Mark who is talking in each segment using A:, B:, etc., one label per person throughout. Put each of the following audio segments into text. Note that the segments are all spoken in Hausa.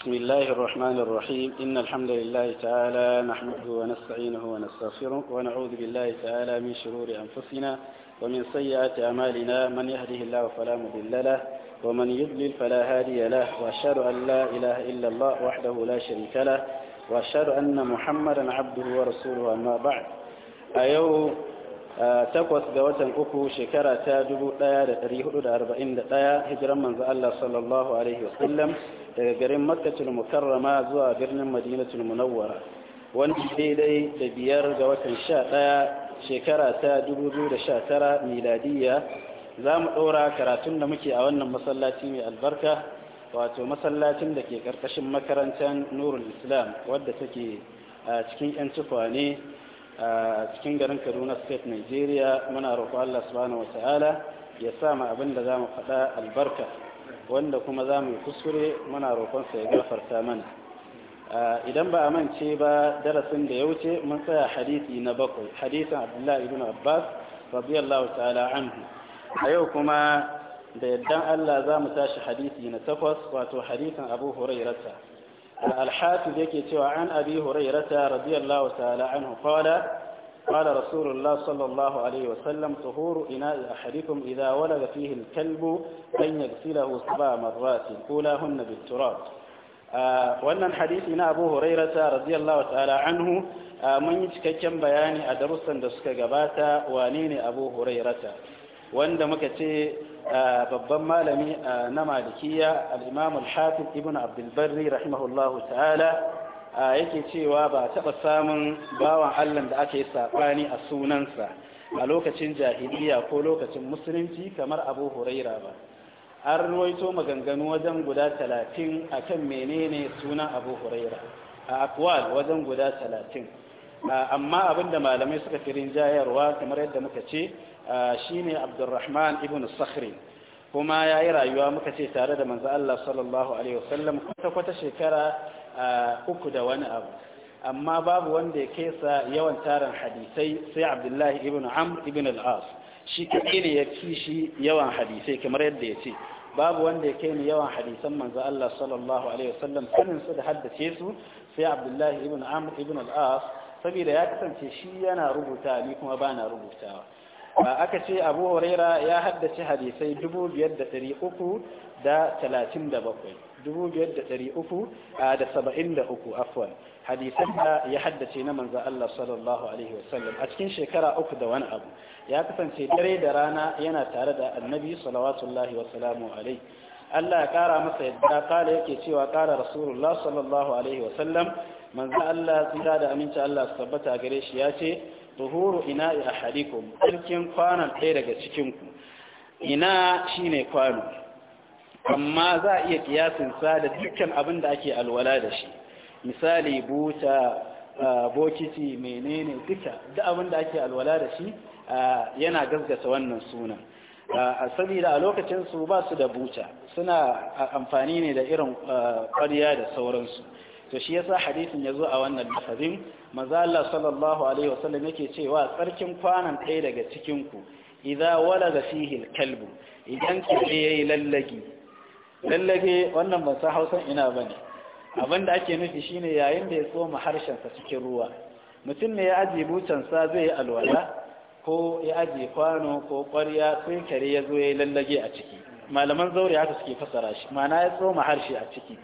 A: بسم الله الرحمن الرحيم إن الحمد لله تعالى نحمده ونستعينه ونستغفره ونعوذ بالله تعالى من شرور أنفسنا ومن سيئات أعمالنا من يهده الله فلا مضل له ومن يضلل فلا هادي له وأشهد أن لا إله إلا الله وحده لا شريك له وأشهد أن محمدا عبده ورسوله أما بعد أيوه takwas ga watan uku shekara ta 1441 hijiran manzo Allah sallallahu alaihi wasallam daga garin makkatul mukarrama zuwa birnin madinatul munawwara wani daidai da biyar ga watan sha ɗaya shekara ta 2019 miladiyya za mu ɗora karatun da muke a wannan masallaci mai albarka wato masallacin da ke ƙarƙashin makarantar nurul islam wadda take a cikin 'yan tukwane a cikin garin kaduna state nigeria muna roƙo allah subhanahu wa ta'ala ya sa mu abin da za mu faɗa albarka wanda kuma za mu yi kuskure muna roƙonsa ya gafarta mana idan ba a mance ba darasin da ya wuce mun tsaya hadisi na bakwai hadisin abdullahi ibn abbas radiyallahu ta'ala anhu a yau kuma da yaddan allah za mu tashi hadisi na takwas wato hadisin abu hurairata الحافظ يكي عن أبي هريرة رضي الله تعالى عنه قال قال رسول الله صلى الله عليه وسلم طهور إناء أحدكم إذا ولد فيه الكلب أن يغسله سبع مرات أولاهن بالتراب wannan hadisi na abu hurairata radiyallahu ta'ala anhu mun yi cikakken bayani a darussan da suka gabata wane ne abu hurairata wanda muka ce babban malami na malikiya al-imam al-hafiz ibn abdul rahimahullahu ta'ala yake cewa ba taba samun bawan Allah da aka yi sabani a sunansa a lokacin jahiliya ko lokacin musulunci kamar Abu Huraira ba an ruwaito maganganu wajen guda talatin akan menene sunan Abu Huraira a akwal wajen guda talatin amma abinda malamai suka fi rinjayarwa kamar yadda muka ce shine Abdulrahman ibn Sakhri kuma ya yi rayuwa muka ce tare da manzo Allah sallallahu alaihi wasallam kwata-kwata shekara uku da wani abu amma babu wanda ya kesa yawan tarin hadisai sai abdullahi ibn amr ibn al shi kaɗai ne ya fi shi yawan hadisai kamar yadda ya ce babu wanda ya kai ni yawan hadisan manzo Allah sallallahu alaihi wasallam sanin su da haddace su sai abdullahi ibn amr ibn al-as saboda ya kasance shi yana rubuta ni kuma bana rubutawa aka ce abu huraira ya haddace hadisai 5,337 afwan hadisan da ya haddace na manza Allah sallallahu Alaihi wasallam a cikin shekara uku da wani abu ya kasance dare da rana yana tare da annabi salawatullahi wasalamu alaihi Allah ya kara masa yadda kala yake cewa kara rasulullah sallallahu alaihi wasallam manzo Allah tsira da aminci Allah su tabbata gare shi ya ce zuhuru ina a hadikum tsarkin kwanon ɗaya daga cikinku ina shine kwano amma za a iya ƙiyasinsa da dukkan abin da ake alwala da shi misali buta bokiti menene duka da abin da ake alwala da shi yana gasgasa wannan sunan saboda a lokacinsu su ba su da buta suna amfani ne da irin ƙwarya da sauransu to shi yasa hadisin ya zo a wannan lafazin maza Allah sallallahu alaihi wasallam yake cewa tsarkin kwanan ɗaya daga cikin ku idza walaga fihi kalbu idan kire yayi lallagi lallage wannan ban san Hausan ina bane abinda ake nufi shine yayin da ya tsoma harshen sa cikin ruwa mutum ne ya ajiye butan sa zai yi alwala ko ya ajiye kwano ko ƙwarya sai kare ya zo ya yi lallage a ciki malaman zaure haka suke fasara shi ma'ana ya tsoma harshe a ciki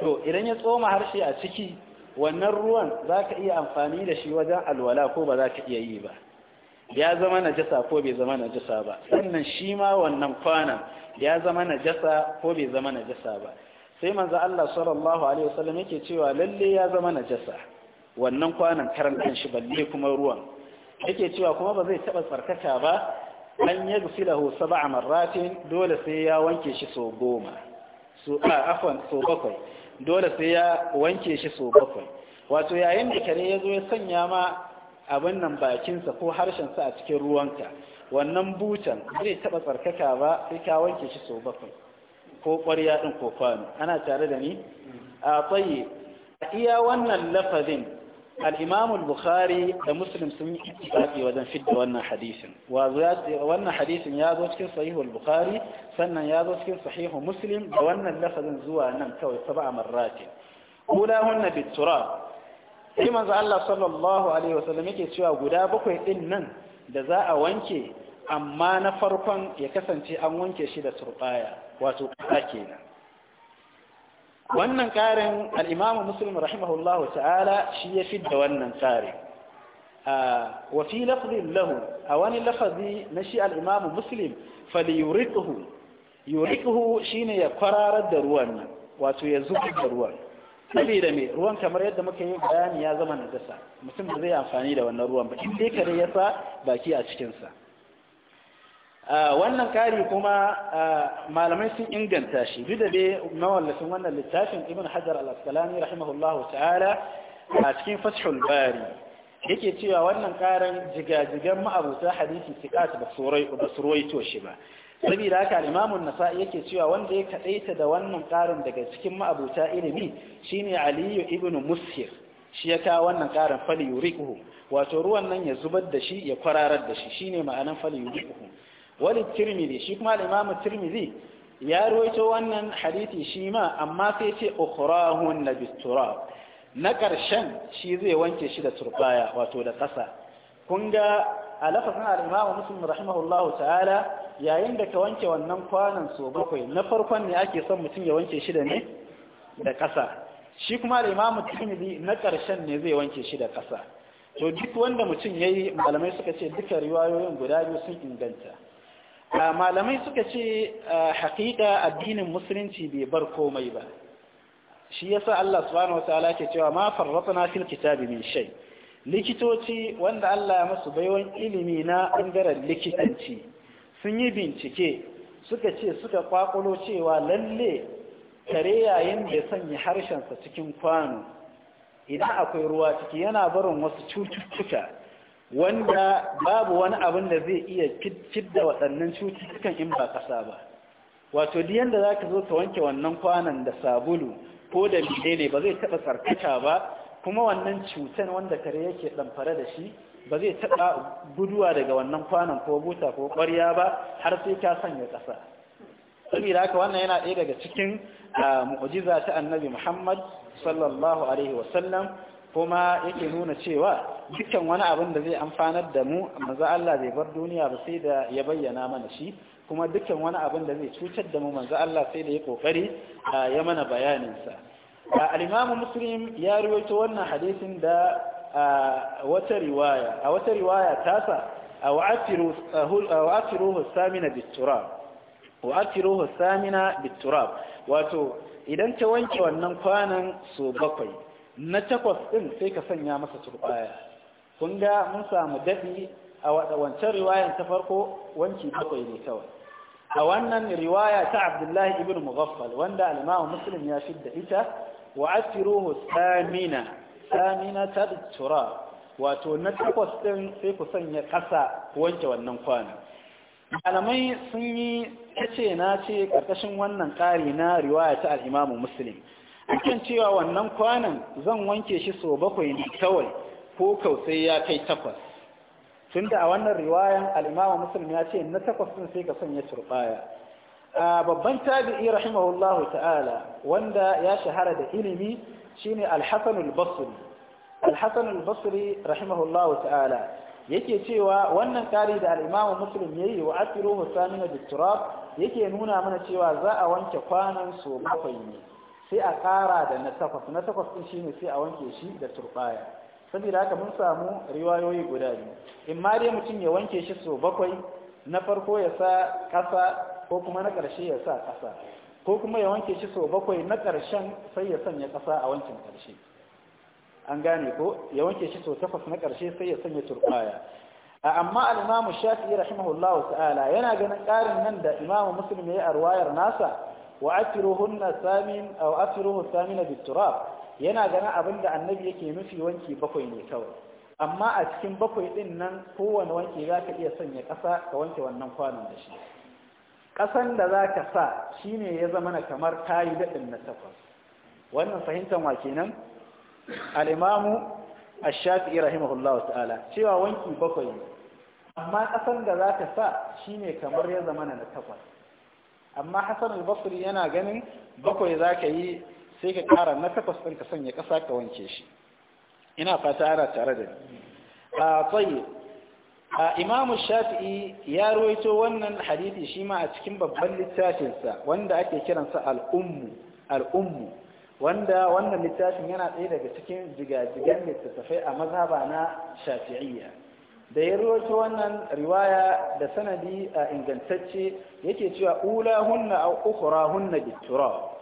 A: to idan ya tsoma harshe a ciki wannan ruwan za ka iya amfani da shi wajen alwala ko ba za ka iya yi ba ya zama na jasa ko bai zama na jasa ba sannan shi ma wannan kwanan ya zama na jasa ko bai zama na jasa ba sai manzo Allah sallallahu alaihi wasallam yake cewa lalle ya zama na jasa, wannan kwanan karan shi balle kuma ruwan yake cewa kuma ba zai taba tsarkata ba an ba sab'a marratin dole sai ya wanke shi so goma a afwan so bakwai dole sai ya wanke shi so bakwai wato yayin da kare ya zo ya sanya ma abin nan bakinsa ko harshensa a cikin ruwanka wannan butan zai taɓa tsarkaka ba sai ka wanke shi so bakwai ko ƙwarya ɗin ko kwano ana tare da ni a tsaye iya wannan lafazin al-imam bukhari da muslim sun yi ittifaqi wajen fidda wannan hadisin wannan hadisin ya zo cikin sahih bukhari sannan ya zo cikin sahih muslim da wannan lafazin zuwa nan kawai sab'a marratin ulahunna bit-turab sai manzo Allah sallallahu alaihi wasallam yake cewa guda bakwai din nan da za a wanke amma na farkon ya kasance an wanke shi da turbaya wato kasa kenan wannan ƙarin al'imamu muslim rahimahullahu ta'ala shi ya fi da wannan tsari wa fi lafazin lahu a wani lafazi na shi al'imamu muslim fali yurikuhu yurikuhu shi ne ya kwararar da ruwan nan wato ya zubar da ruwan Sabida mai ruwan kamar yadda muka yi bayani ya zama dasa, mutum da zai amfani da wannan ruwan ba in dai kare ya sa baki a cikinsa Ah, wannan kari kuma ah, malamai sun inganta shi duk da dai mawallafin wannan littafin ibn hajar al-asqalani rahimahullahu ta'ala a cikin fathul bari yake cewa wannan karan jigajigan ma'abuta hadisi siqat ba surai ba shi ba saboda haka imam an-nasa'i yake cewa wanda ya kadaita da wannan karin daga cikin ma'abuta ilimi shine ali ibn musyir shi ya kawo wannan karin fali yurikuhu wato ruwan nan ya zubar da shi ya kwararar da shi shine ma'anan fali yurikuhu wani tirmidhi shi kuma al tirmidhi ya ruwaito wannan hadisi shi ma amma sai ce ukhrahun na bistura na ƙarshen shi zai wanke shi da turbaya wato da ƙasa kun ga a lafazin al rahimahullahu ta'ala yayin da ka wanke wannan kwanan so bakwai na farkon ne ake son mutum ya wanke shi da ne da ƙasa shi kuma da tirmidhi na ƙarshen ne zai wanke shi da ƙasa to duk wanda mutum yayi malamai suka ce duka riwayoyin guda biyu sun inganta malamai suka ce haƙiƙa addinin musulunci bai bar komai ba shi yasa Allah subhanahu wataala ke cewa ma farratna fil kitabi min shay likitoci wanda Allah ya musu baiwan ilimi na bangaren likitanci sun yi bincike suka ce suka kwakulo cewa lalle kare yayin da sanya harshensa cikin kwano idan akwai ruwa ciki yana barin wasu cututtuka wanda babu wani abin da zai iya fidda waɗannan cututtukan in ba ƙasa ba wato di yanda za ka zo ka wanke wannan kwanan da sabulu ko da ne ba zai taɓa tsarkaka ba kuma wannan cutan wanda kare yake ɗamfare da shi ba zai taɓa guduwa daga wannan kwanan ko buta ko ƙwarya ba har sai ka sanya ƙasa saboda haka wannan yana ɗaya daga cikin mu'jiza ta annabi muhammad sallallahu alaihi wasallam kuma yake nuna cewa dukkan wani abin da zai amfanar da mu manzo Allah bai bar duniya ba sai da ya bayyana mana shi kuma dukkan wani abin da zai cutar da mu manzo Allah sai da ya kokari ya mana bayanin sa al-Imam Muslim ya rawaito wannan hadisin da wata riwaya a wata riwaya tasa wa'atiru wa'atiruhu samina biturab wa'atiruhu samina wato idan ta wanke wannan kwanan so bakwai na takwas ɗin sai ka sanya masa turbaya kun ga mun samu daɗi a wancan riwayan ta farko wanki bakwai ne kawai a wannan riwaya ta abdullahi ibn mughaffal wanda alimawa muslim ya shidda ita wa asiruhu samina samina ta tura wato na takwas ɗin sai ku sanya ƙasa ku wanke wannan kwana malamai sun yi ce na ce ƙarƙashin wannan ƙari na riwaya ta al'imamu muslim akan cewa wannan kwanan zan wanke shi so bakwai ne kawai ko sai ya kai takwas tunda a wannan riwayan al'imama musulmi ya ce na takwas ɗin sai ka sanya turbaya a babban tabi'i rahimahullahu ta'ala wanda ya shahara da ilimi shine al-hasan al-basri al-hasan al-basri rahimahullahu ta'ala yake cewa wannan kari da al-imamu muslim yayi wa asiru husamin al yake nuna mana cewa za a wanke kwanan so bakwai ne sai a ƙara da na takwas na takwas din shine sai a wanke shi da turbaya saboda haka mun samu riwayoyi guda biyu in ma dai mutum ya wanke shi so bakwai na farko ya sa ƙasa ko kuma na ƙarshe ya sa ƙasa ko kuma ya wanke shi so bakwai na ƙarshen sai ya sanya ƙasa a wankin ƙarshe an gane ko ya wanke shi so takwas na ƙarshe sai ya sanya turɓaya a amma al-imamu shafi'i rahimahullahu ta'ala yana ganin ƙarin nan da imamu Musulmi ya yi a nasa wa asiruhunna samin aw asiruhu samina biturab yana ganin abin da annabi yake nufi wanki bakwai ne kawai amma a cikin bakwai ɗin nan kowane wanki za ka iya sanya ƙasa ka wanke wannan kwanon da shi ƙasan da za ka sa shi ne ya zama na kamar tayi daɗin na takwas wannan fahimtar wa kenan al'imamu ash-shafi'i rahimahullahu ta'ala cewa wanki bakwai ne amma ƙasan da za ka sa shi ne kamar ya zama na takwas amma hasan al-basri yana ganin bakwai za ka yi sai ka kara na takwas ɗin ka sanya ƙasa ka wanke shi ina fata ana tare da ni a tsaye a imamu shafi'i ya ruwaito wannan hadithi shi ma a cikin babban littafinsa wanda ake kiransa al'ummu al'ummu wanda wannan littafin yana ɗaya daga cikin jigajigan littattafai a mazaba na shafi'iyya da ya ruwaito wannan riwaya da sanadi a ingantacce yake cewa ula hunna a ukura hunna bitura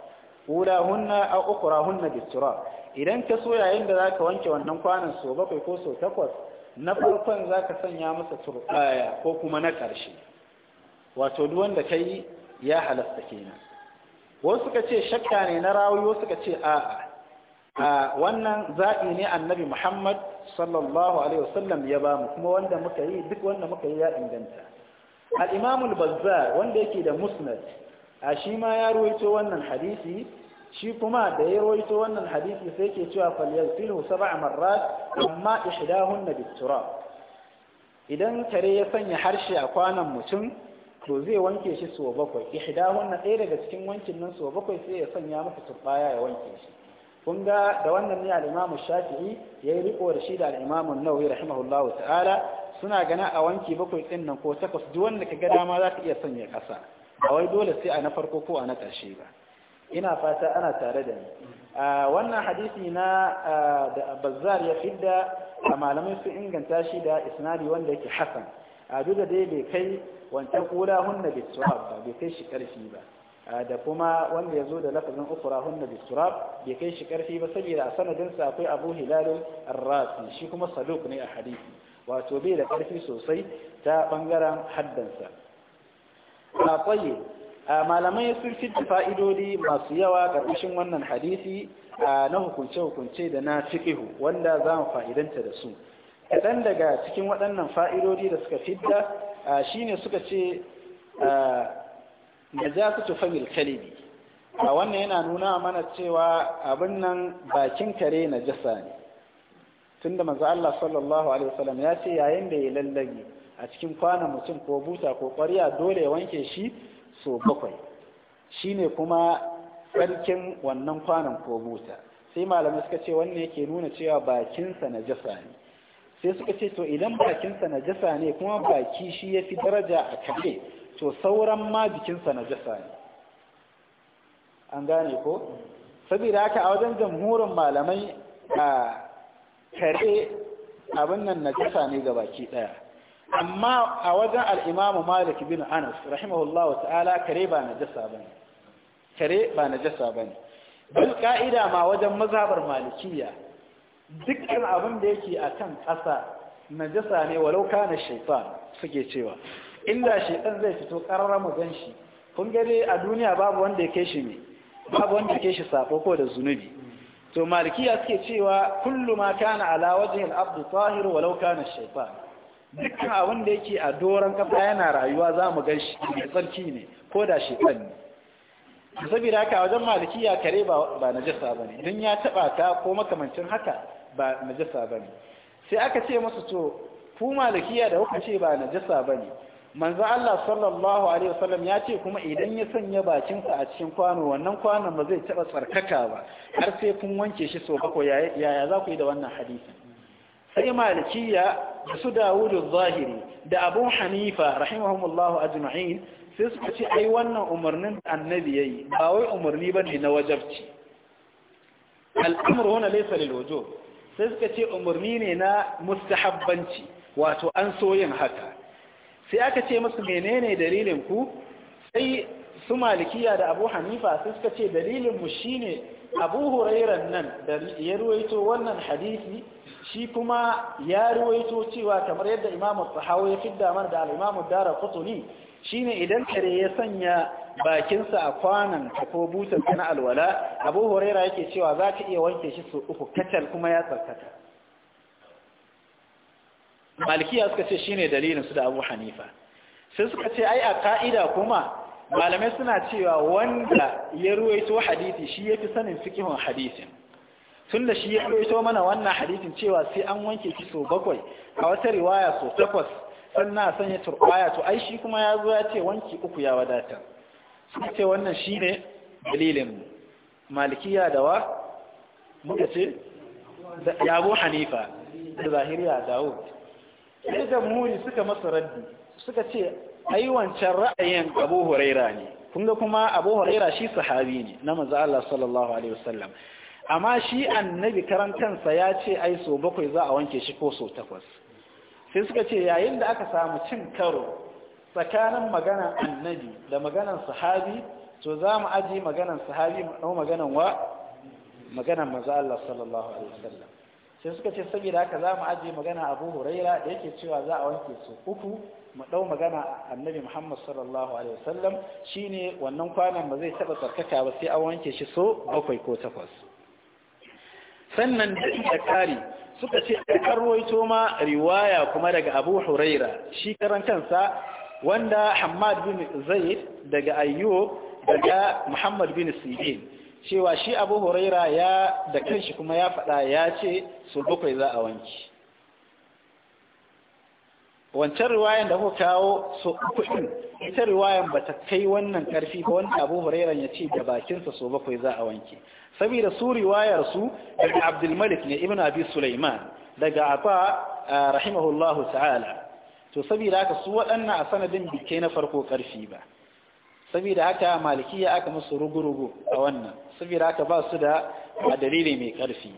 A: ulahunna a ukurahunna bistura idan ka so yayin da zaka wanke wannan kwanan sau bakwai ko so takwas na farkon za ka sanya masa turbaya ko kuma na ƙarshe wato duk wanda ka yi ya halasta kenan wasu suka ce shakka ne na rawi suka ce a'a a wannan zaɓi ne annabi muhammad sallallahu ya ba kuma wanda muka duk wanda muka yi ya inganta al-imamul bazzar wanda yake da musnad a shi ma ya ruwaito wannan hadisi shi kuma da ya ruwaito wannan hadisi sai ke cewa falyalfilu sab'a marrat amma na bitura. idan kare ya sanya harshe a kwanan mutum to zai wanke shi sau bakwai na ɗaya daga cikin wankin nan sau bakwai sai ya sanya masa turbaya ya wanke shi kun ga da wannan ne al-Imam Shafi'i yayi riko da shi da al-Imam nawawi rahimahullahu ta'ala suna gana a wanki bakwai ɗin ko takwas duk wanda ka ga dama za ka iya sanya ƙasa ba wai dole sai a na farko ko a na ƙarshe ba ina fata ana tare da ni wannan hadisi na da bazzar ya fidda a malamai su inganta shi da isnadi wanda yake hasan a duk da dai bai kai wancan kula hunna bi turab ba bai kai shi karfi ba da kuma wanda ya zo da lafazin ukura hunna bi turab bai kai shi karfi ba saboda a sanadinsa akwai abu hilal ar-rasi shi kuma saduq ne a hadisi wato bai da karfi sosai ta bangaren haddansa na tsaye malamai sun fita fa'idodi masu yawa ƙarƙashin wannan hadisi na hukunce-hukunce da na fiƙihu wanda za mu fa'idanta da su kaɗan daga cikin waɗannan fa'idodi da suka fidda shi ne suka ce na za su tufamil kalibi a wannan yana nuna mana cewa abin nan bakin kare na jasa ne tunda maza Allah sallallahu Alaihi wasallam ya ce yayin da ya lallage a cikin kwanan mutum ko buta ko kwarya dole ya wanke shi so bakwai Shi ne kuma tsarkin wannan kwanan ko buta sai malamai suka ce wannan yake nuna cewa bakinsa na jasa ne sai suka ce to idan bakinsa na jasa ne kuma baki shi ya fi daraja a kaɗe to sauran ma jikinsa na jasa ne an gane ko saboda haka a wajen jamhurin malamai a kare abin nan na jasa ne ga baki ɗaya amma a wajen al'imamu malik bin anas rahimahullahu ta'ala kare ba na jasa ba ne kare ba na jasa ba ne ka'ida ma wajen mazabar malikiya dukkan abin da yake a kan ƙasa na jasa ne walau kana suke cewa inda ɗan zai fito ƙararra mu gan shi kun a duniya babu wanda ya kai shi ne babu wanda ya kai shi sako ko da zunubi to malikiya suke cewa kullum ma kana ala wajen abdu tahir walau kana shaitan dukkan abin da yake a doron kafa yana rayuwa za mu gan shi mai tsarki ne ko da shi ɗan ne saboda haka wajen ya kare ba na jasa ba ne don ya taba ta ko makamancin haka ba na jasa ba ne sai aka ce masu to ku malikiya da kuka ce ba jasa ba ne manzo Allah sallallahu alaihi wasallam ya ce kuma idan ya sanya bakinsa a cikin kwano wannan kwanon ba zai taba tsarkaka ba har sai kun wanke shi so bako yaya za ku yi da wannan hadisin sai malikiya da su dawudu zahiri da abu hanifa rahimahumullahu ajma'in sai suka ce ai wannan umarnin da annabi yayi ba wai umarni bane na wajabci al'amru huna laysa lil sai suka ce umarni ne na mustahabbanci wato an so yin haka sai aka ce musu menene dalilin ku sai su malikiya da abu hanifa sai suka ce dalilin mu shine abu hurairan nan da ya ruwaito wannan hadisi shi kuma ya ruwaito cewa kamar yadda imamu sahawo ya fidda mana da al'imamu dara shi shine idan kare ya sanya bakinsa a kwanan ko butar na alwala abu huraira yake cewa za ka iya wanke shi su uku kacal kuma ya tsarkata malkiya suka ce shine dalilin su da abu hanifa sai suka ce ai a ka'ida kuma malamai suna cewa wanda ya ruwaito hadisi shi ya fi sanin fikihun hadisin tun da shi ya fito mana wannan hadisin cewa sai an wanke shi so bakwai a wata riwaya so takwas sannan a sanya turbaya to ai shi kuma ya zo ya ce wanki uku ya wadata. sai ce wannan shi ne dalilin malikiya da wa muka ce yabo hanifa da zahiriya dawud sai da muri suka masa raddi suka ce ai wancan ra'ayin abu huraira ne kun ga kuma abu huraira shi sahabi ne na manzo Allah sallallahu alaihi wasallam amma shi annabi karan kansa ya ce ai so bakwai za a wanke shi ko so takwas sai suka ce yayin da aka samu cin karo tsakanin maganan annabi da maganan sahabi to za mu aji maganan sahabi mu maganan wa maganan maza Allah sallallahu alaihi wasallam sai suka ce saboda haka za mu aji magana abu huraira da yake cewa za a wanke su uku mu ɗau magana annabi muhammad sallallahu alaihi wasallam shine wannan kwanan ba zai taɓa tsarkaka ba sai an wanke shi so bakwai ko takwas sannan da ita kari suka ce a karwaito ma riwaya kuma daga abu huraira shi karan kansa wanda hamad bin zaid daga Ayyo daga muhammad bin Sidin cewa shi abu huraira ya da kanshi kuma ya faɗa ya ce su bakwai za a wanki wancan riwayan da kuka kawo su uku ita riwayan ta kai wannan karfi ba wanda abu huraira ya ce da bakinsa su bakwai za a wanke saboda su riwayar su daga Abdulmalik ne Ibn Abi Sulaiman daga Afa rahimahullahu ta'ala to saboda haka su waɗannan a sanadin bikai na farko karfi ba saboda haka malikiya aka musu rugurugu a wannan saboda haka ba su da dalili mai karfi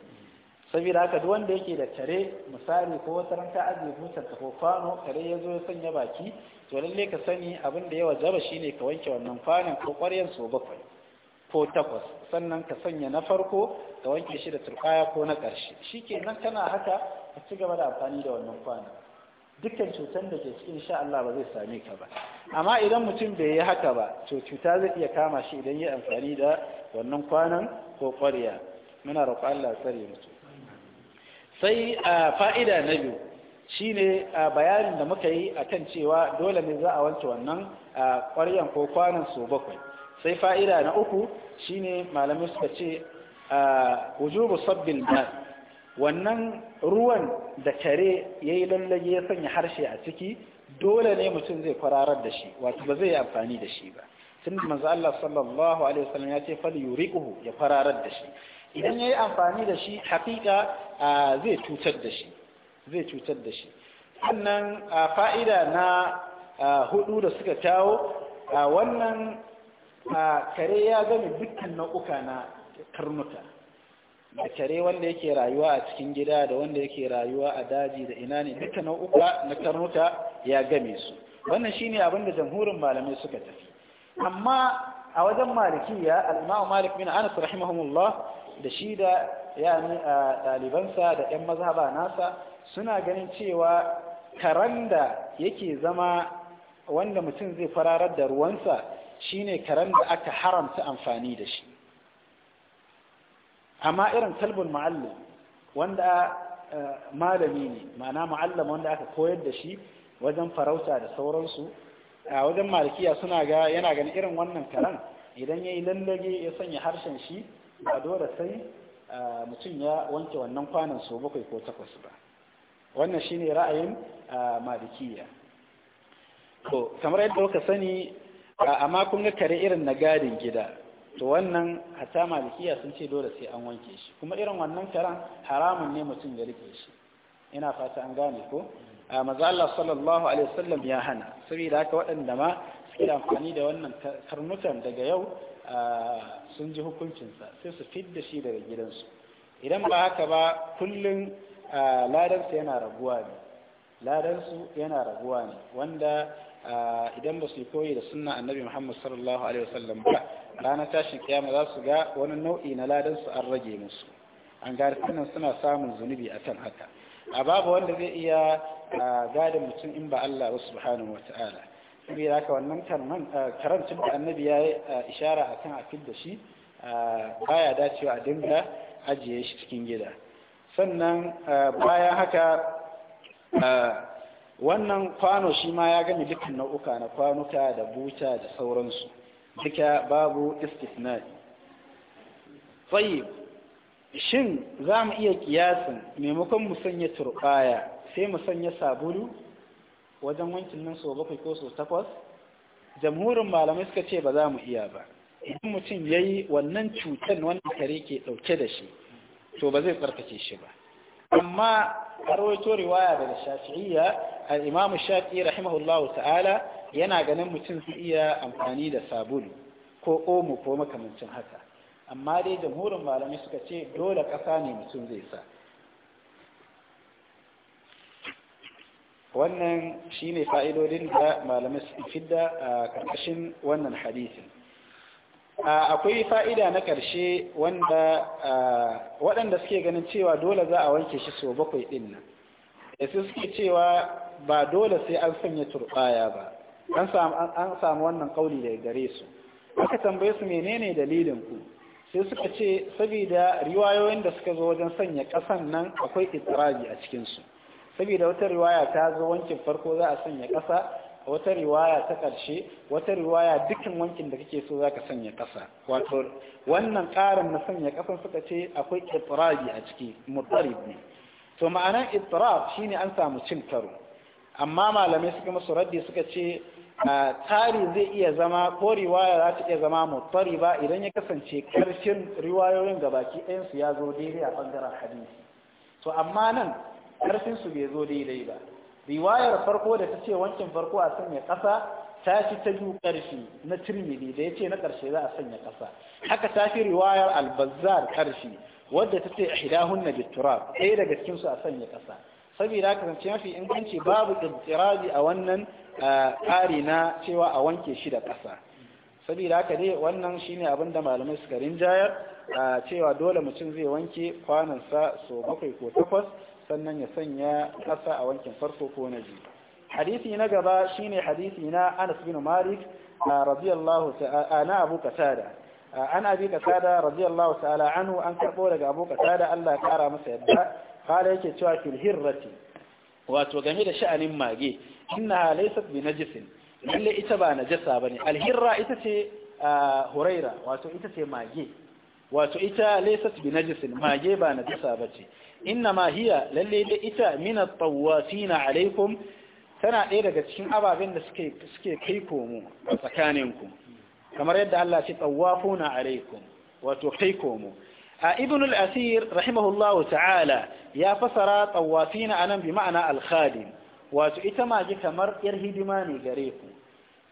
A: saboda haka duk wanda yake da tare, misali ko wata ranka ajiye butar ta ko kwano kare ya zo ya sanya baki to lalle ka sani abin da ya wajaba shine ka wanke wannan fanin ko ƙwaryan so bakwai ko takwas sannan ka sanya na farko ka wanke shi da turkaya ko na ƙarshe shi ke nan tana haka ka ci gaba da amfani da wannan kwanan dukkan cutar da ke cikin sha Allah ba zai same ka ba amma idan mutum bai yi haka ba to cuta zai iya kama shi idan ya amfani da wannan kwanan ko ƙwarya muna roƙo Allah tsare mutum sai a fa'ida na biyu shine bayanin da muka yi akan cewa dole ne za a wanke wannan ƙwaryan ko kwanan su bakwai sai fa'ida na uku shine malamai suka ce a wujubu sabbin wannan ruwan da kare yayi lallage ya sanya harshe a ciki dole ne mutum zai kwararar da shi wato ba zai yi amfani da shi ba tun manzo Allah sallallahu alaihi wasallam ya ce fal yuriquhu ya kwararar da shi idan yayi amfani da shi hakika zai cutar da shi zai cutar da shi sannan fa'ida na hudu da suka kawo wannan a kare ya gami dukkan nau'uka na karnuka da kare wanda yake rayuwa a cikin gida da wanda yake rayuwa a daji da ina ne dukkan nau'uka na karnuka ya game su wannan ne abin da jamhurin malamai suka tafi amma a wajen malikiya ya malik bin anas rahimahumullah da shi da a ɗalibansa da 'yan mazhaba nasa suna ganin cewa karanda da yake zama wanda mutum zai fararar da ruwansa shine karen da aka haramta amfani da shi amma irin kalbin muallim wanda eh, malami ne ma'ana muallim wanda aka koyar da shi wajen farauta da sauransu a wajen malikiya suna ga yana ganin irin wannan karen idan ya yi lallage ya sanya harshen shi ba dole sai eh, mutum ya wanke wannan kwanan so bakwai ko takwas ba wannan shine ra'ayin eh, malikiya to kamar yadda kuka sani amma kun ga kare irin na gadin gida to wannan hata malikiya sun ce dole sai an wanke shi kuma irin wannan karen haramun ne mutum ya rike shi ina fata an gane ko a maza sallallahu alaihi wasallam ya hana saboda haka waɗanda ma suke amfani da wannan karnukan daga yau sun ji hukuncinsa sai su fidda shi daga gidansu idan ba haka ba kullum ladansu yana raguwa ne ladansu yana raguwa ne wanda idan ba su koyi da sunna annabi Muhammad sallallahu alaihi wasallam ba ranar tashin kiyama za su ga wani nau'i na ladan su an rage musu an ga sannan suna samun zunubi akan haka a babu wanda zai iya gadin mutum in ba Allah ba subhanahu wataala da haka wannan karancin da annabi ya yi ishara akan a da shi baya dacewa a dinga ajiye shi cikin gida sannan bayan haka wannan kwano shi ma ya gani dukkan nau'uka na kwanuka da buta da sauransu duka babu istisnai tsayi shin za mu iya kiyasin maimakon mu sanya turbaya sai mu sanya sabulu wajen wankin nan so bakwai ko so takwas jamhurin malamai suka ce ba za mu iya ba idan mutum ya yi wannan cutar wannan kare ke ɗauke da shi to ba zai tsarkake shi ba amma a rawaito riwaya daga shafi'iyya al-imam shafi'i rahimahullahu ta'ala yana ganin mutum zai iya amfani da sabulu ko omo ko makamancin haka amma dai jamhurin malamai suka ce dole ƙasa ne mutum zai sa wannan shine fa'idodin da malamai su fidda a ƙarƙashin wannan hadisin akwai fa'ida na ƙarshe wanda waɗanda suke ganin cewa dole za a wanke shi so bakwai ɗin nan yasu suke cewa ba dole sai an sanya turɓaya ba an samu wannan ƙauli daga gare su aka tambaye su menene dalilin ku sai suka ce saboda riwayoyin da suka zo wajen sanya ƙasan nan akwai itirabi a cikinsu saboda wata riwaya ta zo wankin farko za a sanya ƙasa wata riwaya ta ƙarshe wata riwaya dukkan wankin da kake so zaka sanya ƙasa wato wannan ƙarin na sanya ƙasan suka ce akwai itirabi a ciki mutarib ne to ma'anar itirab shine an samu cin karo amma malamai suka masu raddi suka ce tari zai iya zama ko riwaya za ta iya zama mutariba idan ya kasance ƙarshen riwayoyin gabaki ɗayansu ya zo daidai a ɓangaren hadisi to amma nan su bai zo daidai ba riwayar farko da ta ce wankin farko a sanya ƙasa ta fi ta biyu ƙarshe na tirmidhi da ya ce na ƙarshe za a sanya ƙasa haka ta fi riwayar albazar ƙarshe wadda ta ce ihdahunna biturab ɗaya daga cikin su a sanya ƙasa saboda haka zance mafi inganci babu tsirazi a wannan ƙari na cewa a wanke shi da ƙasa saboda haka dai wannan shine abin da malamai suka rinjayar cewa dole mutum zai wanke kwanansa sau bakwai ko takwas sannan ya sanya ƙasa a wankin farko ko na biyu hadisi na gaba shine hadisi na Anas bin Malik radiyallahu ta'ala na Abu Qatada an Abi Qatada radiyallahu ta'ala anhu an karbo daga Abu Qatada Allah ya kara masa yadda kala yake cewa fil hirrati wato game da sha'anin mage innaha laysat bi najisin lalle ita ba najasa bane al hirra ita ce huraira wato ita ce mage wato ita laysat bi najisin mage ba najasa bace inna hiya lalle da ita mina tawafina alaikum tana ɗaya daga cikin ababen da suke suke kai komo a tsakaninku kamar yadda Allah ce tawafuna alaikum wato kai komo a ibn al-asir rahimahullahu ta'ala ya fasara tawafina anan bi ma'ana al-khadim wato ita mage kamar yar hidima ne gare ku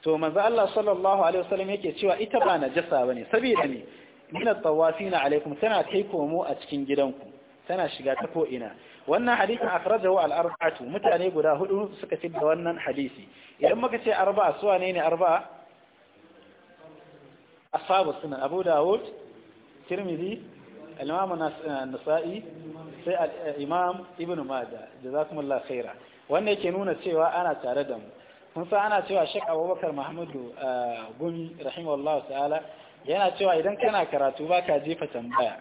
A: to manzo Allah sallallahu alaihi wasallam yake cewa ita ba najasa bane saboda ne min at-tawafina alaikum tana kai komo a cikin gidanku tana shiga ta ko'ina wannan hadisin akhrajahu al-arba'atu mutane guda hudu suka fi da wannan hadisi idan muka ce arba'a su wane ne arba'a ashabu sunan abu dawud tirmidhi al-imam an-nasa'i sai al-imam ibn majah jazakumullahu khaira wannan yake nuna cewa ana tare da mu kun san ana cewa shek Abubakar Mahmudu eh, Gumi rahimahullahu ta'ala yana cewa idan kana karatu baka jefa tambaya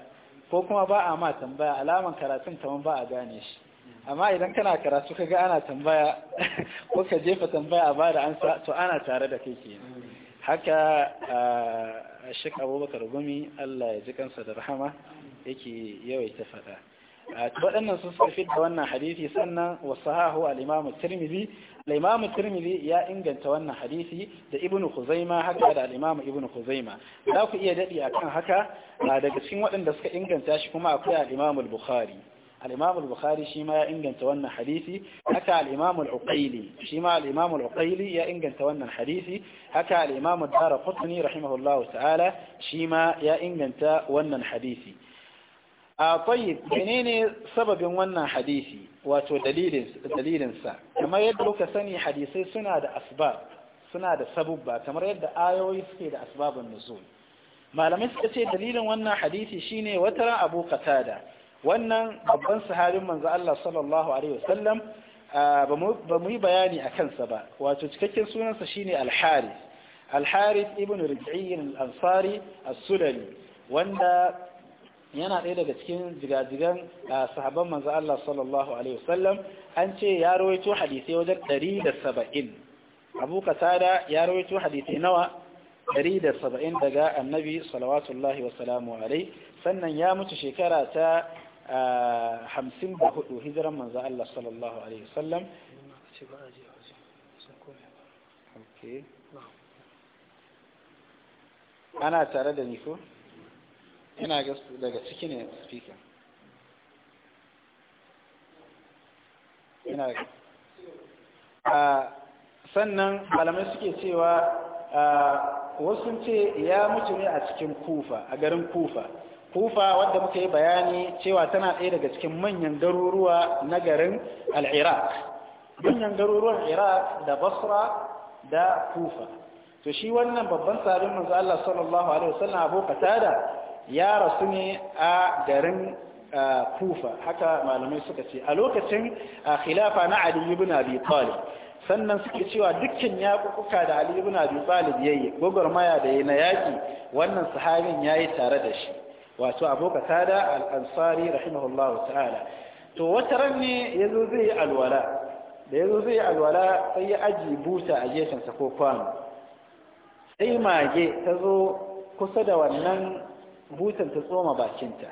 A: ko kuma ba a ma tambaya alaman karatun kamar ba a gane shi amma idan kana karatu ka ga ana tambaya ko ka jefa tambaya a bada ansa to ana tare da kai kenan haka a shek abubakar gumi allah ya ji kansa da rahama yake yawaita faɗa waɗannan sun sarfi da wannan hadisi sannan wasu hahu al'imamu tirmizi al'imamu tirmizi ya inganta wannan hadisi da ibnu huzaima haka da al'imamu ibnu huzaima za ku iya daɗi a kan haka daga cikin waɗanda suka inganta shi kuma akwai al'imamu bukhari al'imamu bukhari shi ma ya inganta wannan hadisi haka al'imamu al'uqaili shi ma al'imamu ya inganta wannan hadisi haka al'imamu dara rahimahullahu ta'ala shi ma ya inganta wannan hadisi a tayyib menene sababin wannan hadisi wato dalilinsa kamar yadda muka sani hadisai suna da asbab suna da sabubba kamar yadda ayoyi suke da asbabun nuzul malamai suka ce dalilin wannan hadisi shine wata abu qatada wannan babban sahabin manzo Allah sallallahu alaihi wasallam ba mu yi bayani a kansa ba wato cikakken sunansa shine al-Harith al-Harith ibn Rib'i al-Ansari as-Sulami wanda yana ɗaya daga cikin jigajigan sahabban manzo Allah sallallahu alaihi wasallam an ce ya rawaito hadisi wajen 170 Abu Qatada ya rawaito hadisi nawa 170 daga Annabi sallallahu wa salamu alaihi sannan ya mutu shekara ta 54 hijiran manzo Allah sallallahu alaihi wasallam ana tare da ni ko ina ga daga ciki ne speaker ina ga sannan malamai suke cewa wasu ce ya mutu ne a cikin kufa a garin kufa kufa wanda muka yi bayani cewa tana ɗaya daga cikin manyan garuruwa na garin al'iraq manyan garuruwan iraq da basra da kufa to shi wannan babban sabin manzo Allah sallallahu alaihi wasallam Abu Qatada ya rasu ne a garin kufa haka malamai suka ce a lokacin khilafa na ali ibn abi talib sannan suke cewa dukkan yaƙuƙuka da ali ibn abi talib yayi maya da yayi na yaƙi wannan sahabin yayi tare da shi wato abokata da al-ansari rahimahullahu ta'ala to wata ran ne yazo zai yi alwala da yazo zai yi alwala sai ya aji buta a gefen sa ko kwano sai mage ta zo kusa da wannan butan ta tsoma bakinta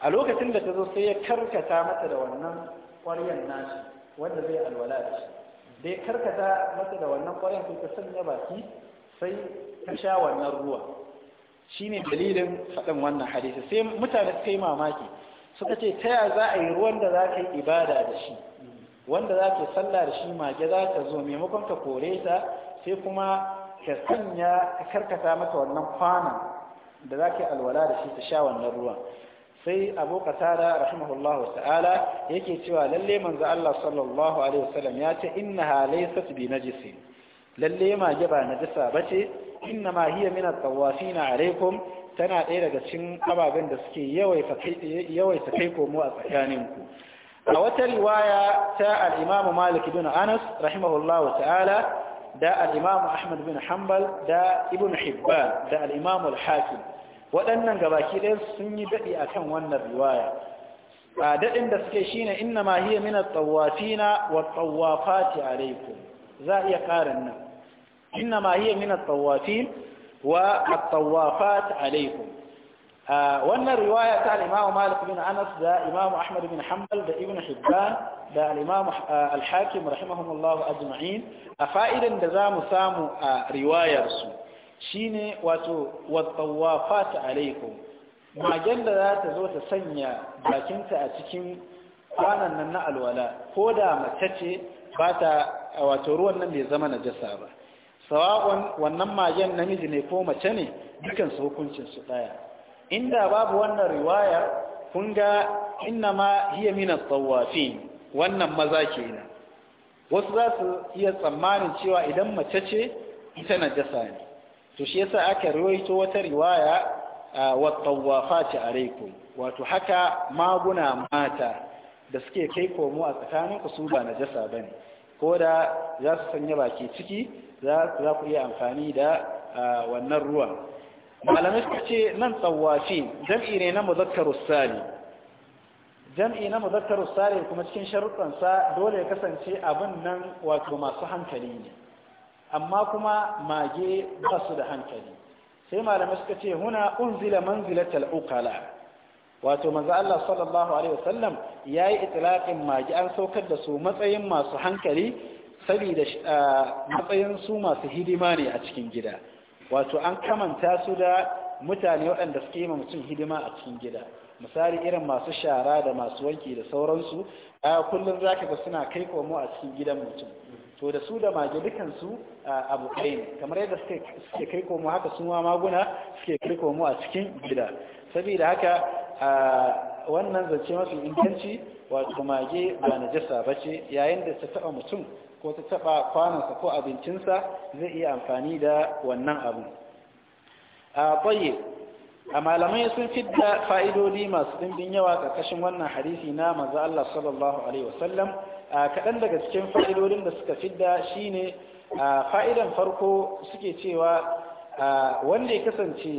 A: a lokacin da ta zo sai ya karkata mata da wannan ƙwaryan nashi wanda zai alwala da shi da ya karkata mata da wannan ƙwaryan sai ta sanya baki sai ta sha wannan ruwa Shi ne dalilin faɗin wannan hadisi sai mutane suka yi mamaki suka ce ta ya za a yi ruwan da za ka yi ibada da shi wanda za ka sallah da shi mage za ta zo maimakon ka kore ta sai kuma ka sanya ka karkata mata wannan kwanan da za ka yi alwala da shi ta sha wannan ruwan sai abu qatada rahimahullahu ta'ala yake cewa lalle manzo Allah sallallahu alaihi wasallam ya ce innaha laysat bi najisi lalle mage ba najisa bace inna ma hiya min at-tawafin alaikum tana ɗaya daga cikin ababen da suke yawaita kai komo a tsakaninku a wata riwaya ta al-imam malik ibn anas rahimahullahu ta'ala da al'imamu ahmad bin hanbal da ibn hibban da al'imamu al-hakim waɗannan gabaki ɗaya sun yi daɗi a kan wannan riwaya a daɗin da suke shi ne inna ma hiya mina tsawafina wa tsawafati alaikum za a iya ƙarin nan inna ma hiya mina tsawafin wa tsawafati alaikum wannan riwaya ta al-Imam Malik bin Anas da Imam Ahmad bin Hanbal da Ibn Hibban da al-Imam al-Hakim ajma'in a fa'idan da zamu samu a riwayar su shine wato wat-tawafat alaikum magen da za ta zo ta sanya bakinta a cikin kwanan nan na alwala ko da mace ce ba ta wato ruwan nan bai zama najasa ba sawa'un wannan magen namiji ne ko mace ne dukansu hukuncin su inda babu wannan riwaya kun ga innama hiya min at-tawafin wannan maza kenan wasu za su iya tsammanin cewa idan mace ce ita na jasa ne to shi yasa aka rawaito wata riwaya wa tawafati alaikum wato haka maguna mata da suke kai komo a tsakanin ku su ba na najasa bane ko da za su sanya baki ciki za ku iya amfani da wannan ruwan malamai suka ce nan tsawace jam'i ne na muzakkarus sali jam'i na muzakkarus sali kuma cikin sharuɗansa dole ya kasance abin nan wato masu hankali ne amma kuma mage ba su da hankali sai malamai suka ce huna unzila manzilatal uqala wato manzo Allah sallallahu alaihi wasallam yayi itilaƙin mage an saukar da su matsayin masu hankali saboda ah, matsayin su masu hidima ne a cikin gida wato an kamanta su da mutane waɗanda suke yi mutum hidima a cikin gida misali irin masu shara da masu wanki da sauransu a kullum za ka ga suna kai komo a cikin gidan mutum to da su da mage dukansu abokai ne kamar yadda suke kai komo haka sun wa maguna suke kai komo a cikin gida saboda haka wannan zance masu inganci wato mage ba jasa ba ce yayin da ta taɓa mutum ko ta taɓa kwanonsa ko abincinsa zai iya amfani da wannan abu a kwaye a malamai sun fi da fa'idodi masu ɗimbin yawa ƙarƙashin wannan hadisi na maza Allah sallallahu alaihi wasallam kaɗan daga cikin fa'idodin da suka fi da fidda ne fa'idan farko suke cewa wanda ya kasance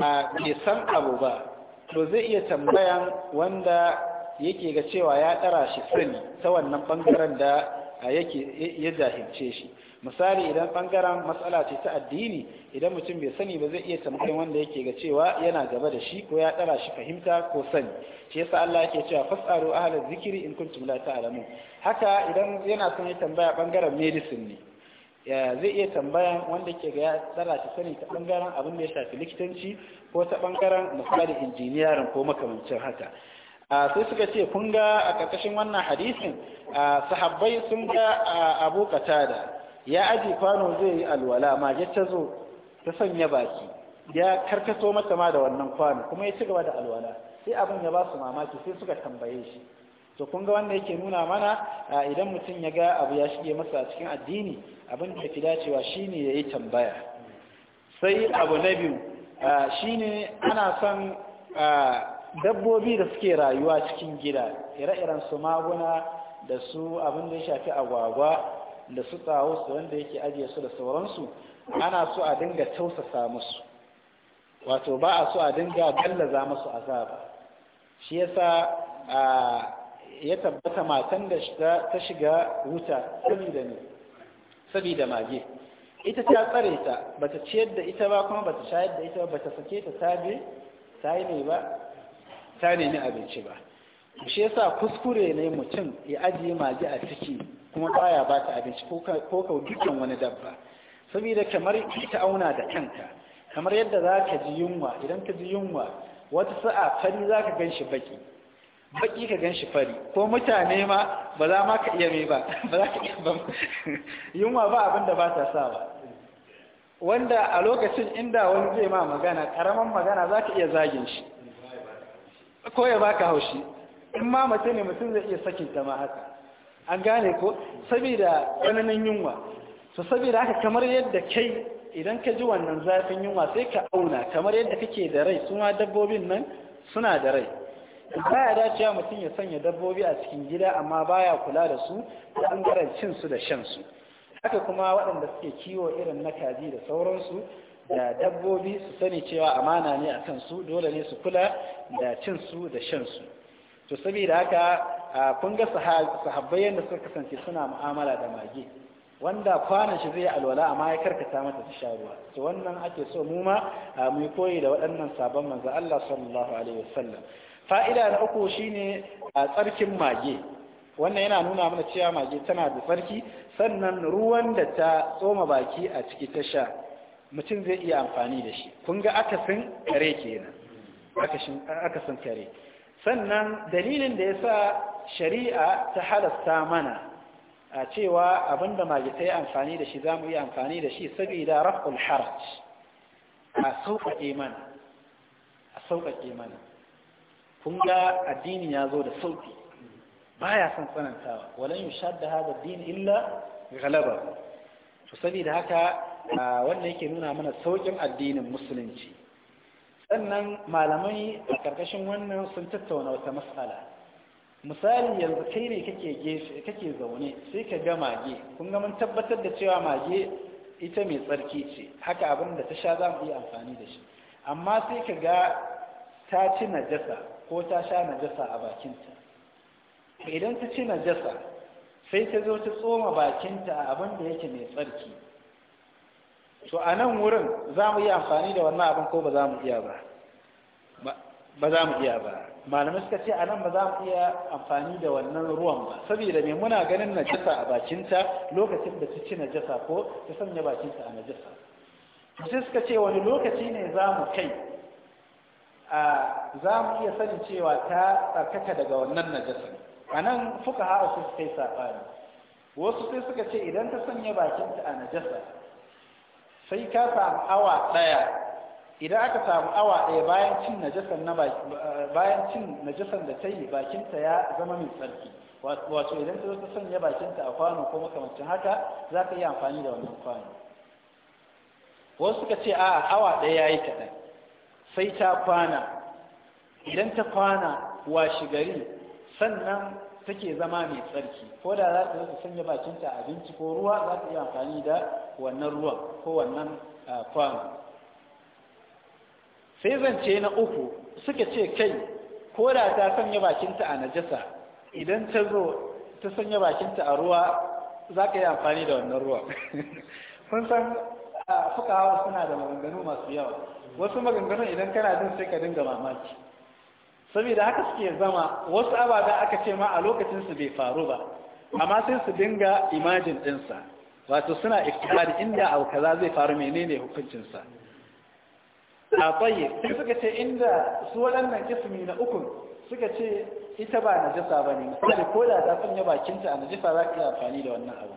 A: a san abu ba to zai iya tambayan wanda yake ga cewa ya ɗara shi sani ta wannan ɓangaren da A yake ya jahilce shi misali idan bangaren matsala ce ta addini idan mutum bai sani ba zai iya tambayin wanda yake ga cewa yana gaba da shi ko ya tsara shi fahimta ko sani shi yasa Allah yake cewa fasaru ahli zikiri in kuntum la ta'lamun haka idan yana son ya tambaya bangaren medicine ne zai iya tambayan wanda ke ga ya tsara shi sani ta bangaren abin da ya shafi likitanci ko ta bangaren misali injiniyarin ko makamancin haka sai suka ce kun ga a ƙarƙashin wannan hadisin sahabbai sun ga abu katada ya aji kwano zai yi alwala ya ta zo ta sanya baki ya karkato mata ma da wannan kwano kuma ya ci gaba da alwala sai abin ya ba su mamaki sai suka tambaye shi to kun ga wanda yake nuna mana idan mutum ya ga abu ya shige masa a cikin addini abin da ke dacewa shine ya yi tambaya sai abu na biyu shine ana son dabbobi da suke rayuwa cikin gida ire-iren su maguna da su abin da ya shafi agwagwa da su tsawo su wanda yake ajiye su da sauransu ana so a dinga tausasa musu wato ba a so a dinga gallaza musu azaba shi yasa ya tabbata matan da ta shiga wuta saboda mage ita ta tsare ta bata ciyar da ita ba kuma bata shayar da ita ba bata sake ta tabe ta yi ne ba ta nemi abinci ba shi yasa kuskure ne mutum ya ajiye mage a ciki kuma baya ba ta abinci ko ka dukkan wani dabba saboda kamar ita auna da kanka kamar yadda za ka ji yunwa idan ka ji yunwa wata sa'a fari za ka gan shi baki baki ka gan shi fari ko mutane ma ba za ma ka iya mai ba ba za ka iya ba yunwa ba abin da ba ta sa ba wanda a lokacin inda wani zai ma magana karaman magana za ka iya zagin shi ko ya baka haushi in ma mace ne mutum zai iya sakin ta ma haka an gane ko saboda tsananin yunwa to saboda haka kamar yadda kai idan ka ji wannan zafin yunwa sai ka auna kamar yadda kake da rai su dabbobin nan suna da rai baya dacewa mutum ya sanya dabbobi a cikin gida amma baya kula da su ta ɓangaren cin su da shan su haka kuma waɗanda suke kiwo irin na kaji da sauransu da dabbobi su sani cewa amana ne a kansu dole ne su kula da cinsu da shansu to saboda haka kun ga sahabbai yadda suka kasance suna mu'amala da mage wanda kwanan shi zai alwala amma ya karkata mata ta sha ruwa to wannan ake so mu ma mu koyi da waɗannan sabon manzo Allah sallallahu alaihi wasallam fa'ida na uku shine tsarkin mage wannan yana nuna mana cewa mage tana da tsarki sannan ruwan da ta tsoma baki a ciki ta sha mutum zai iya amfani da shi kun ga akasin kare kenan akasin kare sannan dalilin da ya sa shari'a ta halasta mana a cewa abinda magitai amfani da shi za mu yi amfani da shi saboda raf'ul haraj a sauƙaƙe mana a sauƙaƙe mana kun ga addini ya zo da sauƙi baya son tsanantawa walan yushadda hada din illa galaba to saboda haka wanda yake nuna mana saukin addinin musulunci sannan malamai a ƙarƙashin wannan sun tattauna wata matsala misali yanzu kai ne kake zaune sai ka ga mage kun ga mun tabbatar da cewa mage ita mai tsarki ce haka abin da ta sha za mu iya amfani da shi amma sai ka ga ta ci najasa ko ta sha najasa a bakinta idan ta ci najasa sai ta zo ta tsoma bakinta a abin da yake mai tsarki to a nan wurin za mu yi amfani da wannan abin ko ba za mu iya ba ba za mu iya ba malamai suka ce a nan ba za mu iya amfani da wannan ruwan ba saboda me muna ganin najasa a bakinta lokacin da ta ci najasa ko ta sanya bakinta a najasa sai suka ce wani lokaci ne za mu kai a za mu iya sanin cewa ta tsarkaka daga wannan najasa a nan fuka ha'a su suka yi saɓani wasu sai suka ce idan ta sanya bakinta a najasa sai ka samu awa ɗaya idan aka samu awa ɗaya bayan cin najasan na bayan cin najasan da ta yi bakinta ya zama mai tsarki wato idan ta zo sanya bakinta a kwano ko makamancin haka za ka yi amfani da wannan kwano wasu suka ce a awa ɗaya ya yi kaɗan sai ta kwana idan ta kwana washi gari sannan take zama mai tsarki ko da za ta zata sanya bakinta abinci ko ruwa za ta yi amfani da wannan ruwan ko wannan ah, kwano sai zance na uku suka ce kai ko da ta sanya bakinta a najasa idan ta zo ta sanya bakinta a ruwa za ka yi amfani da wannan ruwan kun san ah, fukawa suna da maganganu masu yawa wasu maganganun idan kana jin sai ka dinga mamaki saboda haka suke zama wasu abada aka ce ma a lokacinsu bai faru ba amma sai su dinga imajin ɗinsa wato suna ikirari inda abu kaza zai faru menene hukuncinsa a tsaye sai suka ce inda su waɗannan kismi na uku suka ce ita ba na jisa ba ne misali ko da ta sanya bakinta a na za ka yi amfani da wannan abu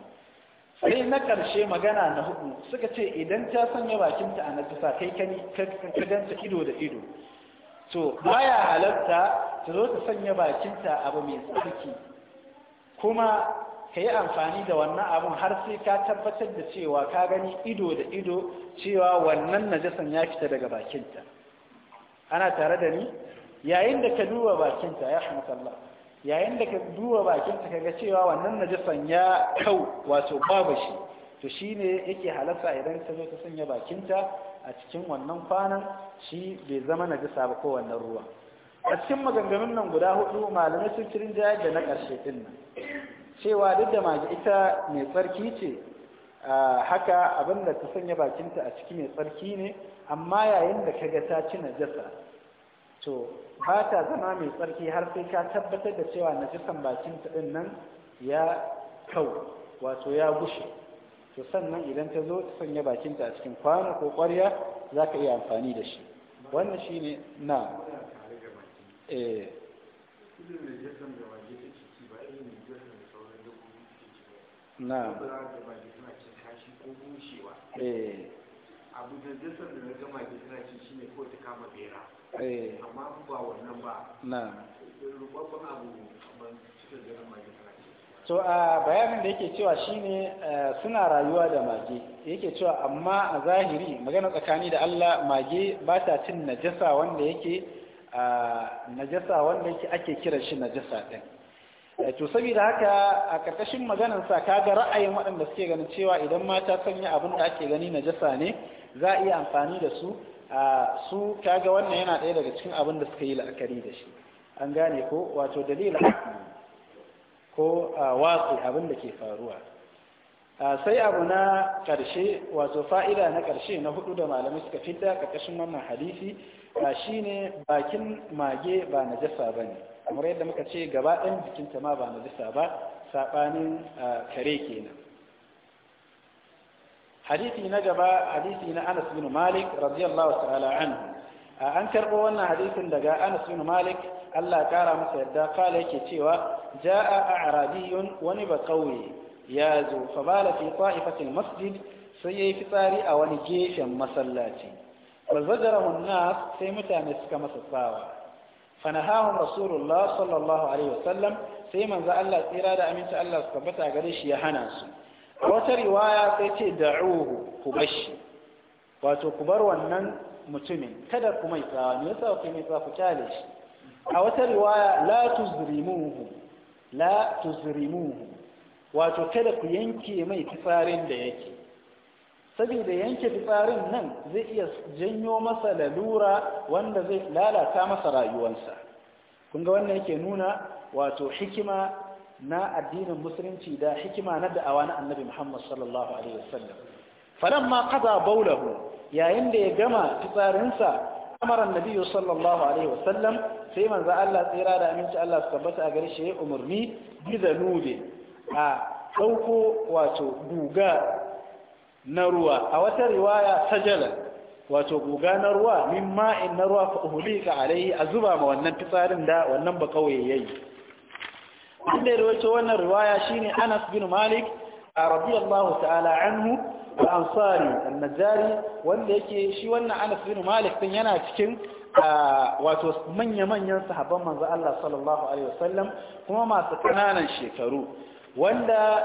A: sai na ƙarshe magana na hudu suka ce idan ta sanya bakinta a najasa kai ka ganta ido da ido to baya halatta ta zo ta sanya bakinta abu mai tsarki kuma ka yi amfani da wannan abun har sai ka tabbatar da cewa ka gani ido da ido cewa wannan najasan ya fita daga bakinta ana tare da ni yayin da ka duba bakinta ya Allah yayin da ka duba bakinta ka ga cewa wannan najasan ya kau wato to shi to shine yake halarta idan ta zo ta sanya bakinta a cikin wannan kwanan shi bai zama na najasa ba ko wannan ruwa a cikin maganganun nan guda hudu malamai sun cirin jayar da na ƙarshe ɗin nan cewa duk da mage ita mai tsarki ce haka abin da ta sanya bakinta a ciki mai tsarki ne amma yayin da ka ga ta ci najasa to ba ta zama mai tsarki har sai ka tabbatar da cewa na najasan bakinta ɗin nan ya kau wato ya gushe to sannan idan ta zo ta sanya bakinta a cikin kwano ko ƙwarya za ka iya amfani da shi wannan shi ne na eh. na na eh. gama eh. amma ba wannan ba na to a bayanin da yake cewa shine eh, suna rayuwa da mage yake cewa amma a zahiri magana tsakani da Allah mage ba ta cin najasa wanda yake najasa wanda yake ake kiran shi najasa din eh, to saboda haka a karkashin maganar sa kaga ra'ayin waɗanda suke ganin cewa idan mata sanya abin da ake gani najasa ne za a iya amfani da su su kaga wannan yana ɗaya daga cikin abin da suka yi la'akari da shi an gane ko wato dalilin ko a watsi abin da ke faruwa sai abu na ƙarshe wato fa'ida na ƙarshe na hudu da malamai suka fidda ƙarƙashin wannan hadisi shi ne bakin mage ba na jasa ba ne kamar yadda muka ce gaba ɗan jikinta ma ba na jasa ba saɓanin kare kenan hadisi na gaba hadisi na anas bin malik radiyallahu ta'ala an an karɓo wannan hadisin daga anas bin malik allah ƙara masa yadda kala yake cewa جاء أعرابي ونبقوي يازو فبال في طائفة المسجد سيئي فتاري أو نجيش مسلاتي فزجره الناس سيمتا نسك مسطاوة فنهاهم رسول الله صلى الله عليه وسلم سيما ذا الله إرادة أمين الله سكبتا قريش يهناس وترواية سيتي دعوه كبشي وتكبر ونن mutumin kada ku mai tsawa ne yasa ku mai tsawa ku kyale shi a wata riwaya la tuzrimuhu la tuzrimuhu wato kada ku yanke mai fitsarin da yake saboda yanke fitsarin nan zai iya janyo masa lalura wanda zai lalata masa rayuwarsa kun ga wannan yake nuna wato hikima na addinin musulunci da hikima na da'awa na annabi Muhammad sallallahu alaihi wasallam falamma qada bawlahu yayin da ya gama fitsarinsa amara annabi sallallahu alaihi wasallam sai manzo Allah tsira da aminci Allah su tabbata a gare shi ya umarni biza nude a ɗauko wato guga na ruwa a wata riwaya sajala wato guga na ruwa min ma'in na ruwa fa ka alaihi a zuba ma wannan fitsarin da wannan ba kawai yayi wanda ya rawaito wannan riwaya shine Anas bin Malik radiyallahu ta'ala anhu al-ansari an-najari wanda yake shi wannan Anas bin Malik din yana cikin wato manya-manyan sahabban manzo Allah sallallahu alaihi wasallam kuma masu kananan shekaru wanda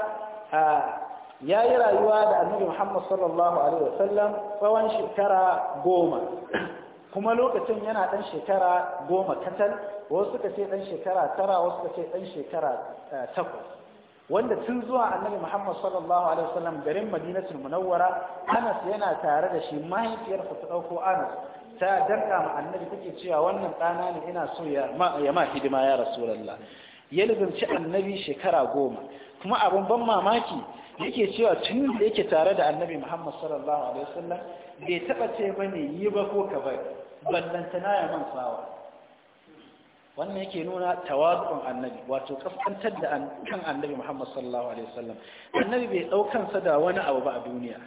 A: ya yi rayuwa da annabi Muhammad sallallahu alaihi wasallam tsawon shekara goma kuma lokacin yana ɗan shekara goma katal wasu ka ce ɗan shekara tara wasu ka ce ɗan shekara takwas wanda tun zuwa annabi Muhammad sallallahu alaihi wasallam garin Madinatul Munawwara Anas yana tare da shi mahaifiyarsa ta ɗauko Anas ta danka ma annabi take cewa wannan ɗana ne ina so ya ma hidima ya rasulallah ya lubinci annabi shekara goma kuma abin ban mamaki yake cewa tun da yake tare da annabi muhammad sallallahu alaihi wasallam bai taɓa ce ba ne yi ba ko ka bai na ya man sawa wannan yake nuna tawazu'un annabi wato kaskantar da kan annabi muhammad sallallahu alaihi wasallam annabi bai ɗaukansa da wani abu ba a duniya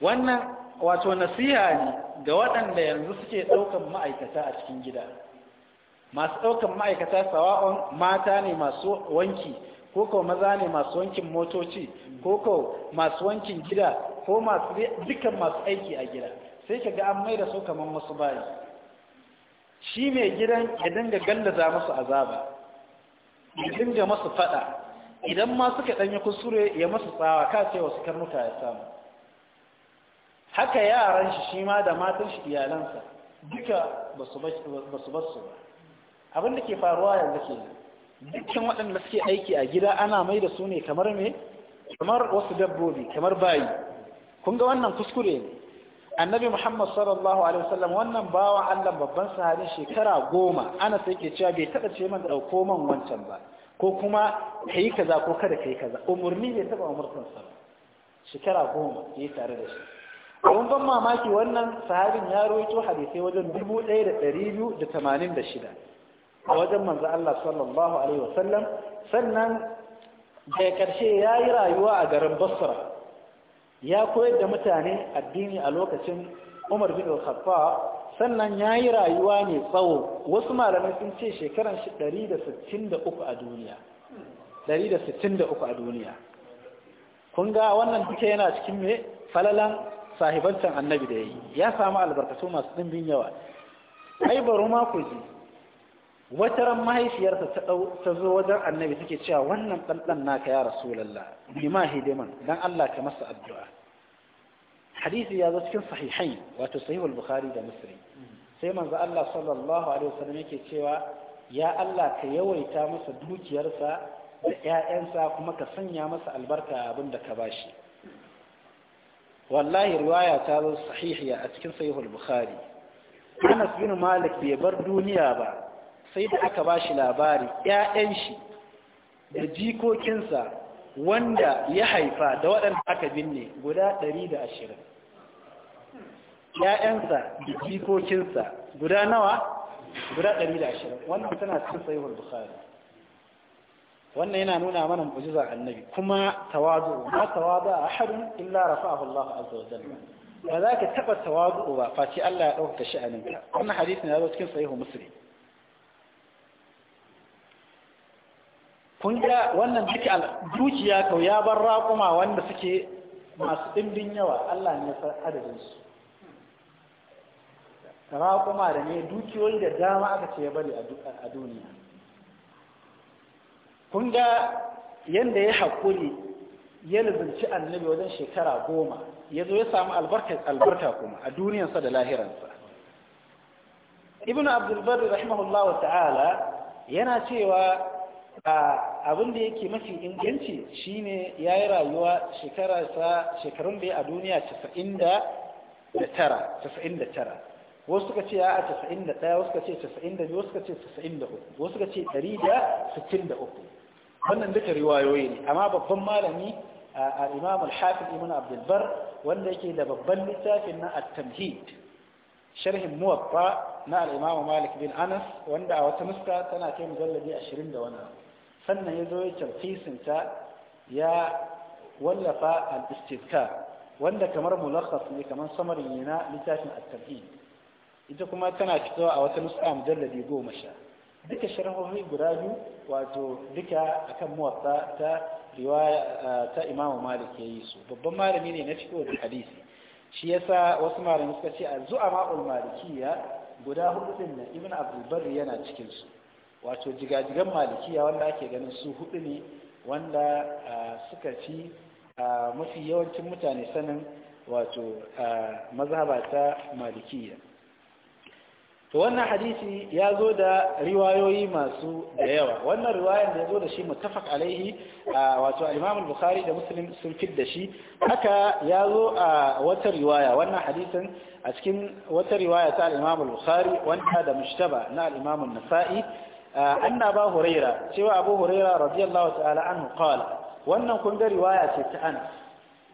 A: wannan wato nasiha ne ga waɗanda yanzu suke ɗaukan ma'aikata a cikin gida masu ɗaukan ma'aikata sawa'on mata ne masu wanki ko ko maza ne masu wankin motoci ko ko masu wankin gida ko masu dukkan masu aiki a gida sai ka ga an mai da su kamar masu bayi shi mai gidan ya dinga gallaza masu azaba ya dinga masu faɗa idan ma suka ɗanyi kusure ya masu tsawa ka su wasu karnuka ya samu haka yaran shi shi ma da matan shi iyalansa duka ba su basu ba abin da ke faruwa yanzu ke dukkan waɗanda suke aiki a gida ana mai da su ne kamar me kamar wasu dabbobi kamar bayi kun ga wannan kuskure ne annabi muhammad sallallahu alaihi wasallam wannan bawa allah babban sahari shekara goma ana sai ke cewa bai taɓa ce man ɗauko man wancan ba ko kuma ka yi kaza ko kada ka yi kaza umarni bai taɓa umartansa ba shekara goma ya yi tare da shi abun ban mamaki wannan sahabin ya rawaito hadisai wajen 1286 a wajen manzo Allah sallallahu alaihi wasallam sannan da karshe ya yi rayuwa a garin Basra ya koyar da mutane addini a lokacin Umar bin Al-Khattab sannan ya yi rayuwa ne tsawo wasu malamai sun ce shekaran 163 a duniya 163 a duniya kun ga wannan duka yana cikin me falalan sahibancin annabi da ya yi ya samu albarkatu masu ɗimbin yawa ai baro ma ku ji wata ran mahaifiyarsa ta zo wajen annabi take cewa wannan ɗanɗan naka ya rasulallah bima hidiman dan Allah ka masa addu'a hadisi ya zo cikin sahihain wato sahihul bukhari da muslim sai manzo Allah sallallahu alaihi wasallam yake cewa ya Allah ka yawaita masa dukiyarsa da ƴaƴansa kuma ka sanya masa albarka abin da ka bashi wallahi riwaya ta zo sahihiya a cikin sahihul bukhari Anas bin Malik bai bar duniya ba sai da aka bashi labari ƴaƴan shi da jikokinsa wanda ya haifa da waɗanda aka binne guda 120 ƴaƴansa da jikokinsa guda nawa guda 120 wannan tana cikin sahihul bukhari wannan yana nuna mana mu'jizar annabi kuma tawadu ma tawadu ahadun illa rafa'ahu Allah azza wa jalla ba za ka taba tawadu ba face Allah ya dauka sha'aninka wannan hadisi ne zo cikin sahihu muslim kun ga wannan duki dukiya kau ya bar raƙuma wanda suke masu ɗimbin yawa Allah ne san adadin su raƙuma da ne dukiyoyi da dama aka ce ya bari a duniya kun ga yadda ya haƙuri ya lizinci annabi wajen shekara goma ya zo ya samu albarka kuma a duniyarsa da lahiransa ibn abdulbari rahimahullahu ta'ala yana cewa abin da yake mafi inganci shine ya yi rayuwa shekarun da ya a duniya 99 wasu suka ce ya a 91 wasu suka ce 92 wasu suka ce 93 wasu suka ce 163 wannan duka riwayoyi ne amma babban malami a imam al-hafiz ibn bar wanda yake da babban littafin na at-tamhid sharhin muwatta na al-imam malik bin anas wanda a wata nuska tana kai mujalladi 20 da wani sannan ya zo ya tarfisin ta ya wallafa al-istidkar wanda kamar mulakhas ne kamar samari ne na littafin at-tamhid ita kuma tana fitowa a wata nuska mujalladi 10 duka sharhohi guda biyu wato duka akan muwatta ta riwaya ta imamu Malik yayi su babban malami ne na cikin hadisi shi yasa wasu malami suka ce az ma'ul malikiya guda hudu din na Ibn Abdul Barri yana cikin su wato jigajigan malikiya wanda ake ganin su hudu ne wanda suka ci mafi yawancin mutane sanin wato mazhaba ta malikiya to wannan hadisi ya zo da riwayoyi masu da yawa wannan riwayar da ya zo da shi mutafak alaihi wato imam bukhari da muslim sun fit da shi haka ya zo a wata riwaya wannan hadisin a cikin wata riwaya ta imam bukhari wanda da mushtaba na imam nasa'i anna ba huraira cewa abu huraira radiyallahu ta'ala anhu qala wannan kun riwaya ce ta an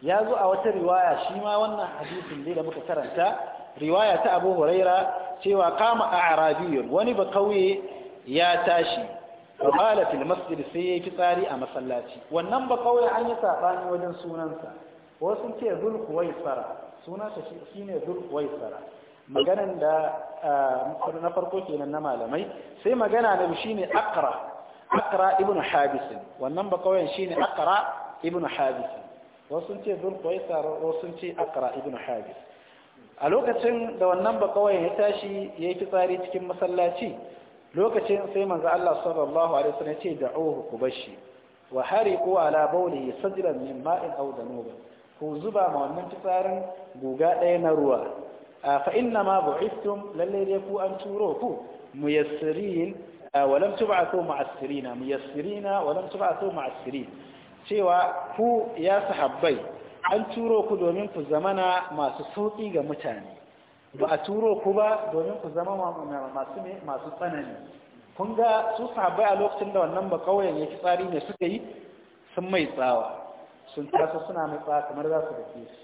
A: ya zo a wata riwaya shi ma wannan hadisin da muka karanta riwaya ta abu huraira cewa kama a arabiyun wani ba kauye ya tashi ba fil masjid sai ya fitsari a masallaci wannan ba kauye an yi sabani wajen sunansa wasu shi ne sunansa kuwai zulkuwaisara maganan da ah, na farko kenan na malamai sai magana na ne akra akra ibn habis wannan ba kauyen shine akra ibn habis wasu ce zulkuwaisara wasu ce akra ibn habis a lokacin da wannan ba kawai ya tashi ya yi fitsari cikin masallaci lokacin sai manzo Allah sallallahu alaihi wasallam ce da'uhu ku bashi wa hariqu ala bawlihi sajlan min ma'in aw danub ku zuba ma wannan fitsarin guga ɗaya na ruwa fa inna ma bu'ithtum lalle dai ku an turo ku muyassirin wa lam tub'athu mu'assirina muyassirina wa lam tub'athu mu'assirin cewa ku ya sahabbai an turo ku domin ku zamana masu sauƙi ga mutane ba a turo ku ba domin ku zama masu tsanani kun ga su sabai a lokacin da wannan ba kawai ya tsari ne suka yi sun mai tsawa sun taso suna mai tsawa kamar za su dake su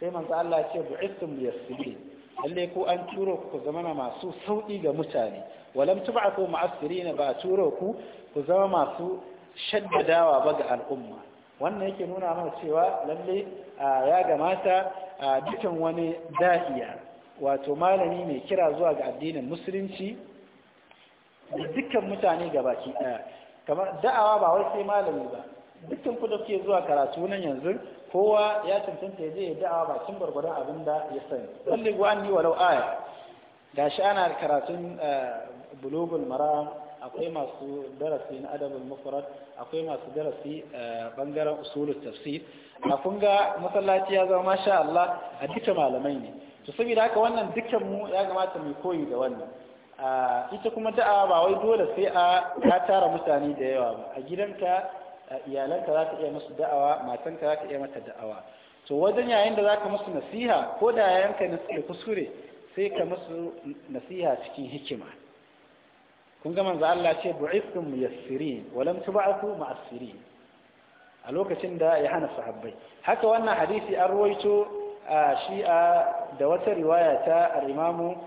A: sai manzo Allah ya ce bu'ithum liyassirin alle ko an turo ku zamana masu sauƙi ga mutane walam ba a turo ku ku zama masu shaddadawa ba ga al'umma wannan yake nuna mana cewa lalle ya gamata dukan wani dahiya wato malami mai kira zuwa ga addinin musulunci da dukkan mutane gabaki daya kamar da'awa ba wai sai malami ba dukkan ku da kuke zuwa karatu nan yanzu kowa ya tantance ya je da'awa ba gwargwadon abin da ya sani lalle yi walau aya gashi ana karatun bulugul mara. akwai masu darasi na adabin mufrad akwai masu darasi eh, bangaren usulun tafsir a ah, kun ga masallaci ya zama sha Allah a duka malamai ne to saboda haka wannan dukkan mu ya kamata mu koyi da wannan ah, ita kuma da'a ba wai dole sai a ka tara mutane da yawa ba a gidanka iyalanka za ka iya musu da'awa matanka za ka iya mata da'awa to wajen yayin da za ka musu nasiha ko da yayanka ne kuskure sai ka musu nasiha cikin hikima kun ga manzo Allah ce bu'ithum muyassirin wa lam tub'athu mu'assirin a lokacin da ya hana sahabbai haka wannan hadisi an ruwaito shi'a da wata riwaya ta al-Imam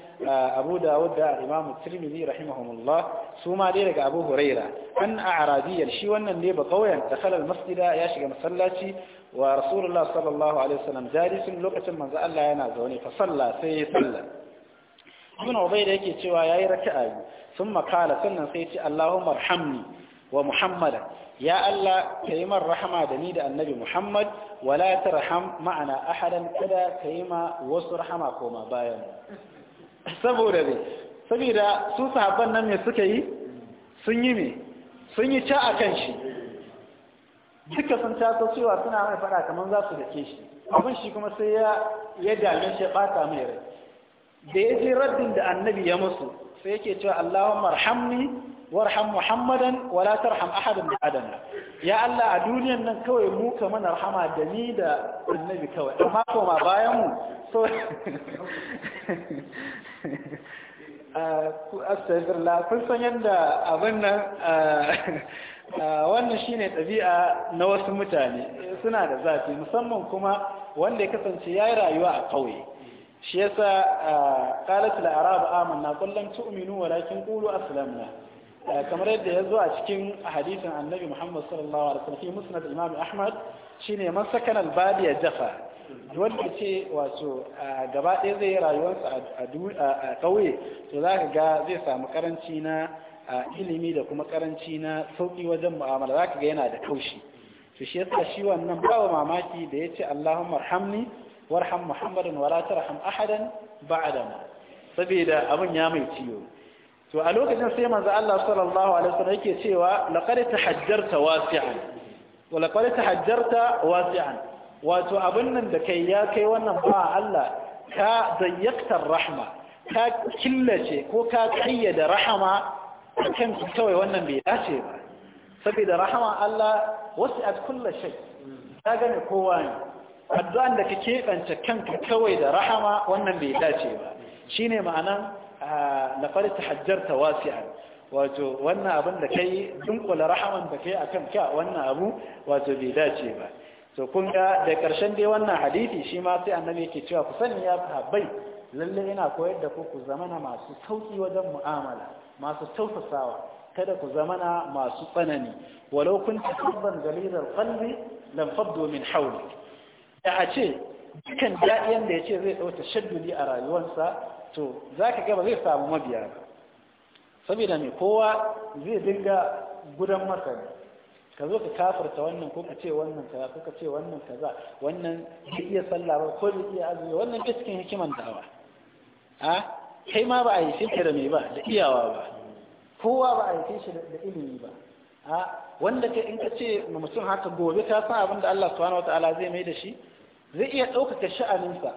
A: Abu Dawud da al-Imam Tirmidhi rahimahumullah su ma dai daga Abu Huraira an a'rabiyyan shi wannan ne ba kauyen dakhala al-masjida ya shiga masallaci wa Rasulullah sallallahu alaihi wasallam jalisun lokacin manzo Allah yana zaune fa salla sai ya salla ibn ubayda yake cewa yayi raka'a biyu sun makala sannan sai ce Allahumma arhamni wa muhammadan ya Allah kai man rahama da ni da annabi muhammad wala tarham ma'ana ahadan kada kai ma wasu rahama koma bayan saboda ne saboda su sahabban nan me suka yi sun yi me sun yi ca akan shi duka sun taso cewa suna mai fada kamar za su dake shi abin shi kuma sai ya yadda shi ya bata mai rai da ya ji raddin da annabi ya masu sai yake cewa allah arhamni warham Muhammadan wala tarham ahadan min adana ya Allah a duniyan nan kawai mu ka mana rahama da ni da annabi kawai amma ko ma bayan mu so uh, astagfirullah kun san yadda abin nan uh, uh, wannan shine ɗabi'a na wasu mutane suna da zafi musamman kuma wanda ya kasance ya yi rayuwa a ƙauye shi yasa qalat al arab amanna qul lam tu'minu walakin qulu aslamna kamar yadda ya zo a cikin hadisin annabi Muhammad sallallahu alaihi wasallam musnad Imam Ahmad shine man sakana al-badiya jafa wanda ce wato gaba ɗaya zai yi rayuwarsa a ƙauye to za ka ga zai samu karanci na ilimi da kuma karanci na sauƙi wajen mu'amala za ka ga yana da kaushi to shi yasa shi wannan bawa mamaki da ya ce Allahumma arhamni warham muhammadin wala tarham ahadan ba'dana saboda abun ya mai ciwo to a lokacin sai manzo Allah sallallahu alaihi wasallam yake cewa laqad tahajjarta wasi'an wa laqad tahajjarta wasi'an wato abin nan da kai ya kai wannan ba Allah ka dayyaktar rahma ka killace ko ka kayyada rahama kan kawai wannan bai dace ba saboda rahama Allah wasi'at kullu shay ta gane kowa ne addu'an da ka keɓance kanka kawai da rahama wannan bai dace ba shine ma'anan lafar tahajjarta wasi'an wato wannan abin da kai dunkula rahaman da a kan ka wannan abu wato bai dace ba to kun da karshen dai wannan hadisi shi ma sai annabi yake cewa ku sani ya sahabbai lalle ina koyar da ku ku zamana masu sauki wajen mu'amala masu tausasawa kada ku zamana masu tsanani walau kun tafarban galidar qalbi lam faddu min hawlik da a ce dukkan daɗiyan da ya ce zai tsawata shadduli a rayuwarsa to za ka gaba zai samu mabiya saboda mai kowa zai dinga gudan masa ne ka zo ka kafarta wannan ko ka ce wannan kaza ko ka ce wannan za wannan bai iya sallah ba ko bai iya azumi wannan bai cikin hikiman dawa a kai ma ba a yi shi da mai ba da iyawa ba kowa ba a yi shi da ilimi ba a wanda kai in ka ce mutum haka gobe ta san abin da Allah subhanahu wataala zai mai da shi zai iya ɗaukaka sha'aninsa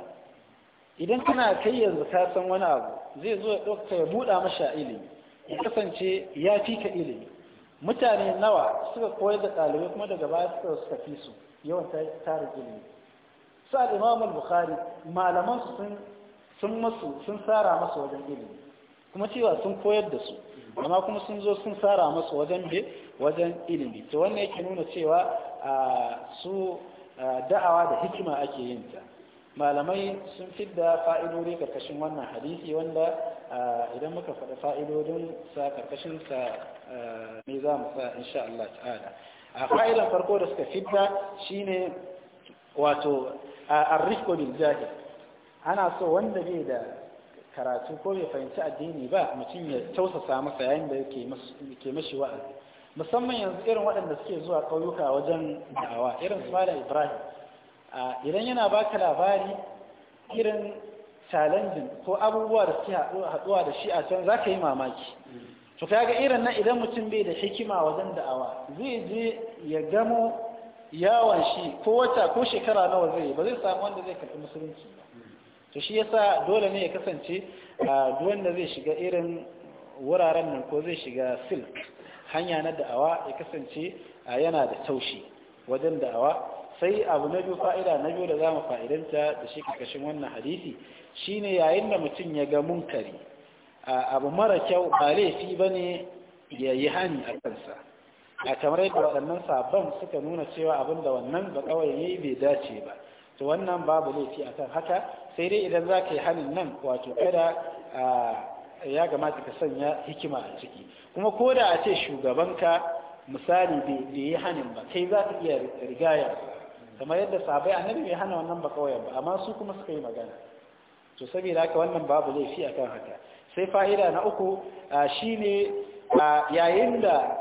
A: idan kana kai yanzu ka san wani abu zai zo ya ɗaukaka ya buɗa masa ilimi ya kasance ya fi ka ilimi mutane nawa suka koyar da ɗalibai kuma daga baya suka suka fi su yawan tarin ilimi su al-imam al-bukhari malaman su sun sun masu sun tsara masu wajen ilimi kuma cewa sun koyar da su amma kuma sun zo sun tsara masu wajen me wajen ilimi to wannan yake nuna cewa su da'awa da hikima ake yin ta malamai sun fidda fa'idori karkashin wannan hadisi wanda idan muka faɗa fa'idodin sa karkashin sa me za mu sa insha Allah ta'ala a fa'idan farko da suka fidda shine wato arrifko bil ana so wanda bai da karatu ko bai fahimci addini ba mutum ya tausasa masa yayin da ke mashi wa'a musamman yanzu irin waɗanda suke zuwa ƙauyuka wajen da'awa irin su malam ibrahim idan yana baka labari irin challenging ko abubuwa da suke haɗuwa da shi a can za ka yi mamaki to kaga irin nan idan mutum bai da hikima wajen da'awa zai je ya gamo yawon shi ko wata ko shekara nawa zai yi ba zai samu wanda zai karɓi musulunci ba to shi yasa dole ne ya kasance a wanda zai shiga irin wuraren nan ko zai shiga silk hanya na da'awa ya kasance a yana da taushi wajen da'awa sai abu na biyu fa'ida na biyu da za mu fa'idanta da shi kakashin wannan hadisi shine yayin da mutum ya ga munkari abu mara kyau ba laifi ba ne ya yi hani a kansa a kamar yadda waɗannan sabon suka nuna cewa abin da wannan ba kawai ya yi bai dace ba to wannan babu laifi akan haka sai dai idan za ka yi hannun nan wato kada ya gamata ka sanya hikima a ciki kuma ko da a ce shugabanka misali bai yi hannun ba kai za ka iya rigaya kamar yadda sabai annabi mai hana wannan ba kawai ba amma su kuma suka yi magana to saboda haka wannan babu a akan haka sai fa'ida na uku shi ne yayin da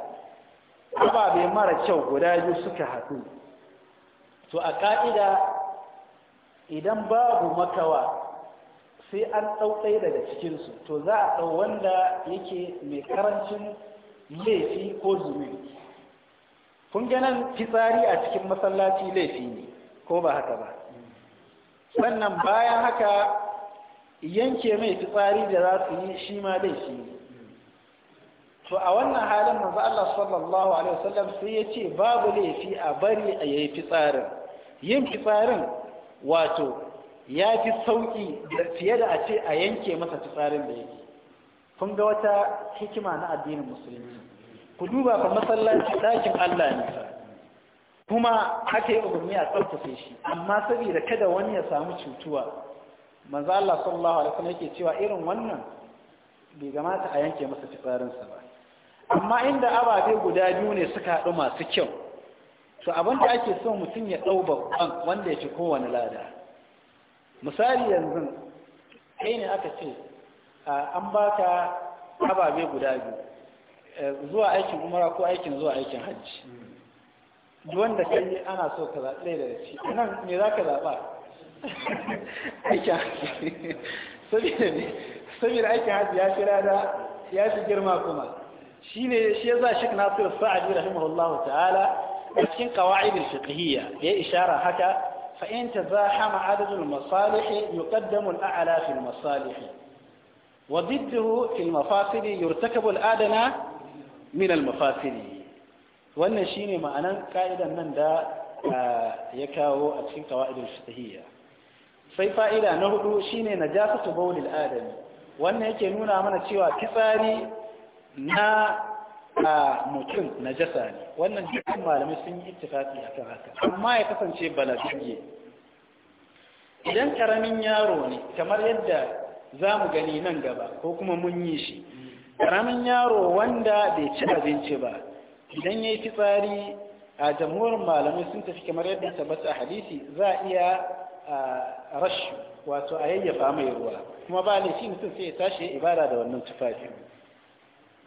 A: ababe mara kyau guda biyu suka haɗu to a ka'ida idan babu makawa sai an ɗau ɗaya daga cikinsu to za a ɗau wanda yake mai karancin laifi ko zunubi kun ganin fitsari a cikin masallaci laifi ne ko ba haka ba sannan bayan haka yanke mai fitsari da za su yi shi ma laifi ne to a wannan halin manzo Allah sallallahu alaihi wasallam sai ya ce babu laifi a bari a yayi fitsarin yin fitsarin wato ya fi sauƙi fiye da a ce a yanke masa fitsarin da yake kun ga wata hikima na addinin musulunci ku duba fa masallaci ɗakin Allah ne kuma aka yi umarni a tsaftace shi amma saboda kada wani ya samu cutuwa manzo Allah sallallahu alaihi wasallam yake cewa irin wannan bai gamata a yanke masa fitsarinsa ba amma inda ababe guda biyu ne suka haɗu masu kyau So abin da ake so mutum ya ɗau babban wanda ya ci kowane lada misali yanzu kai ne aka ce an ba ka ababe guda biyu e, zuwa aikin umara ko aikin zuwa aikin hajji wanda ka yi ana so ka zaɓe da shi nan me za ka zaɓa aikin hajji saboda aikin hajji ya fi rada ya fi girma kuma shi ne shi ya za shi na sa'adu rahimahullahu ta'ala a cikin qawaid al-fiqhiyya ya ishara haka fa in tazahama adad al-masalih yuqaddamu al-a'la fi al-masalih wa didduhu fi al-mafasil yurtakabu al-adana min al wannan shine ma'anan ka'idan nan da ya kawo a cikin qawaid fiqhiyya sai fa'ida na hudu shine najasatu bawl al-adami wannan yake nuna mana cewa fitsari na a mutum na jasa ne wannan dukkan malamai sun yi ittifaki a kan haka amma ya kasance balagage idan karamin yaro ne kamar yadda za mu gani nan gaba ko kuma mun yi shi karamin yaro wanda bai ci abinci ba idan ya yi fitsari a jamhurin malamai sun tafi kamar yadda tabbata a hadisi za a iya rashu wato a yayyafa mai ruwa kuma ba ne shi mutum sai ya tashi ibada da wannan tufafi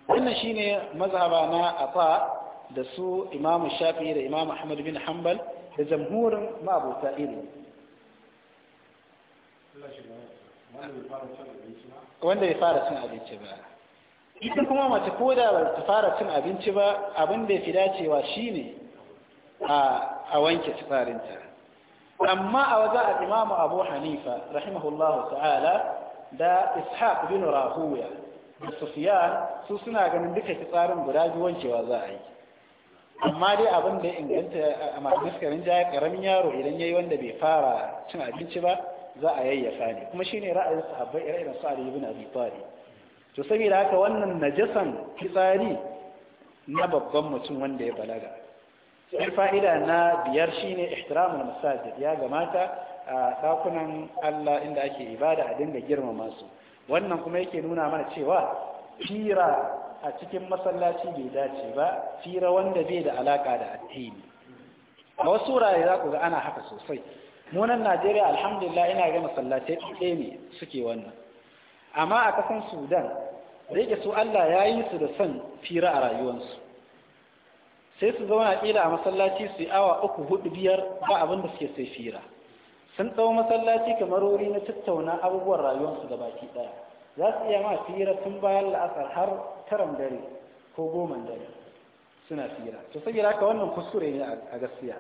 A: wannan shine mazhaba na afa da su imamu shafi'i da imamu ahmad bin hanbal da jamhurin ma'abuta ilimi wanda ya fara cin abinci ba ita kuma mace ko da ba ta fara cin abinci ba abin da ya fi dacewa shine a wanke tsarinta amma a waje a imamu abu hanifa rahimahullahu ta'ala da ishaq bin rahuya da sufiya su suna ganin duka fitsarin guda biyu wancewa za a yi amma dai abin da inganta a masu jaya karamin yaro idan ya yi wanda bai fara cin abinci ba za a yayyafa ne kuma shine ra'ayin sahabbai irin su Ali ibn Abi Talib to saboda haka wannan najasan fitsari na babban mutum wanda ya balaga sai fa'ida na biyar shine ihtiramul masajid ya gamata a dakunan Allah inda ake ibada a dinga girmama su wannan kuma yake nuna mana cewa fira a cikin masallaci bai dace ba fira wanda bai da alaka da addini a wasu wurare za ku ga ana haka sosai munan najeriya alhamdulillah ina ga masallatai ɗaya ne suke wannan amma a kasan sudan da yake su allah ya yi su da son fira a rayuwarsu sai su zauna ƙila a masallaci su yi awa uku hudu biyar ba abin da suke sai fira sun tsawo masallaci kamar wuri na tattauna abubuwan rayuwarsu da baki ɗaya za su iya ma fira tun bayan la'asar har taran dare ko goman dare suna fira to saboda haka wannan kuskure ne a gaskiya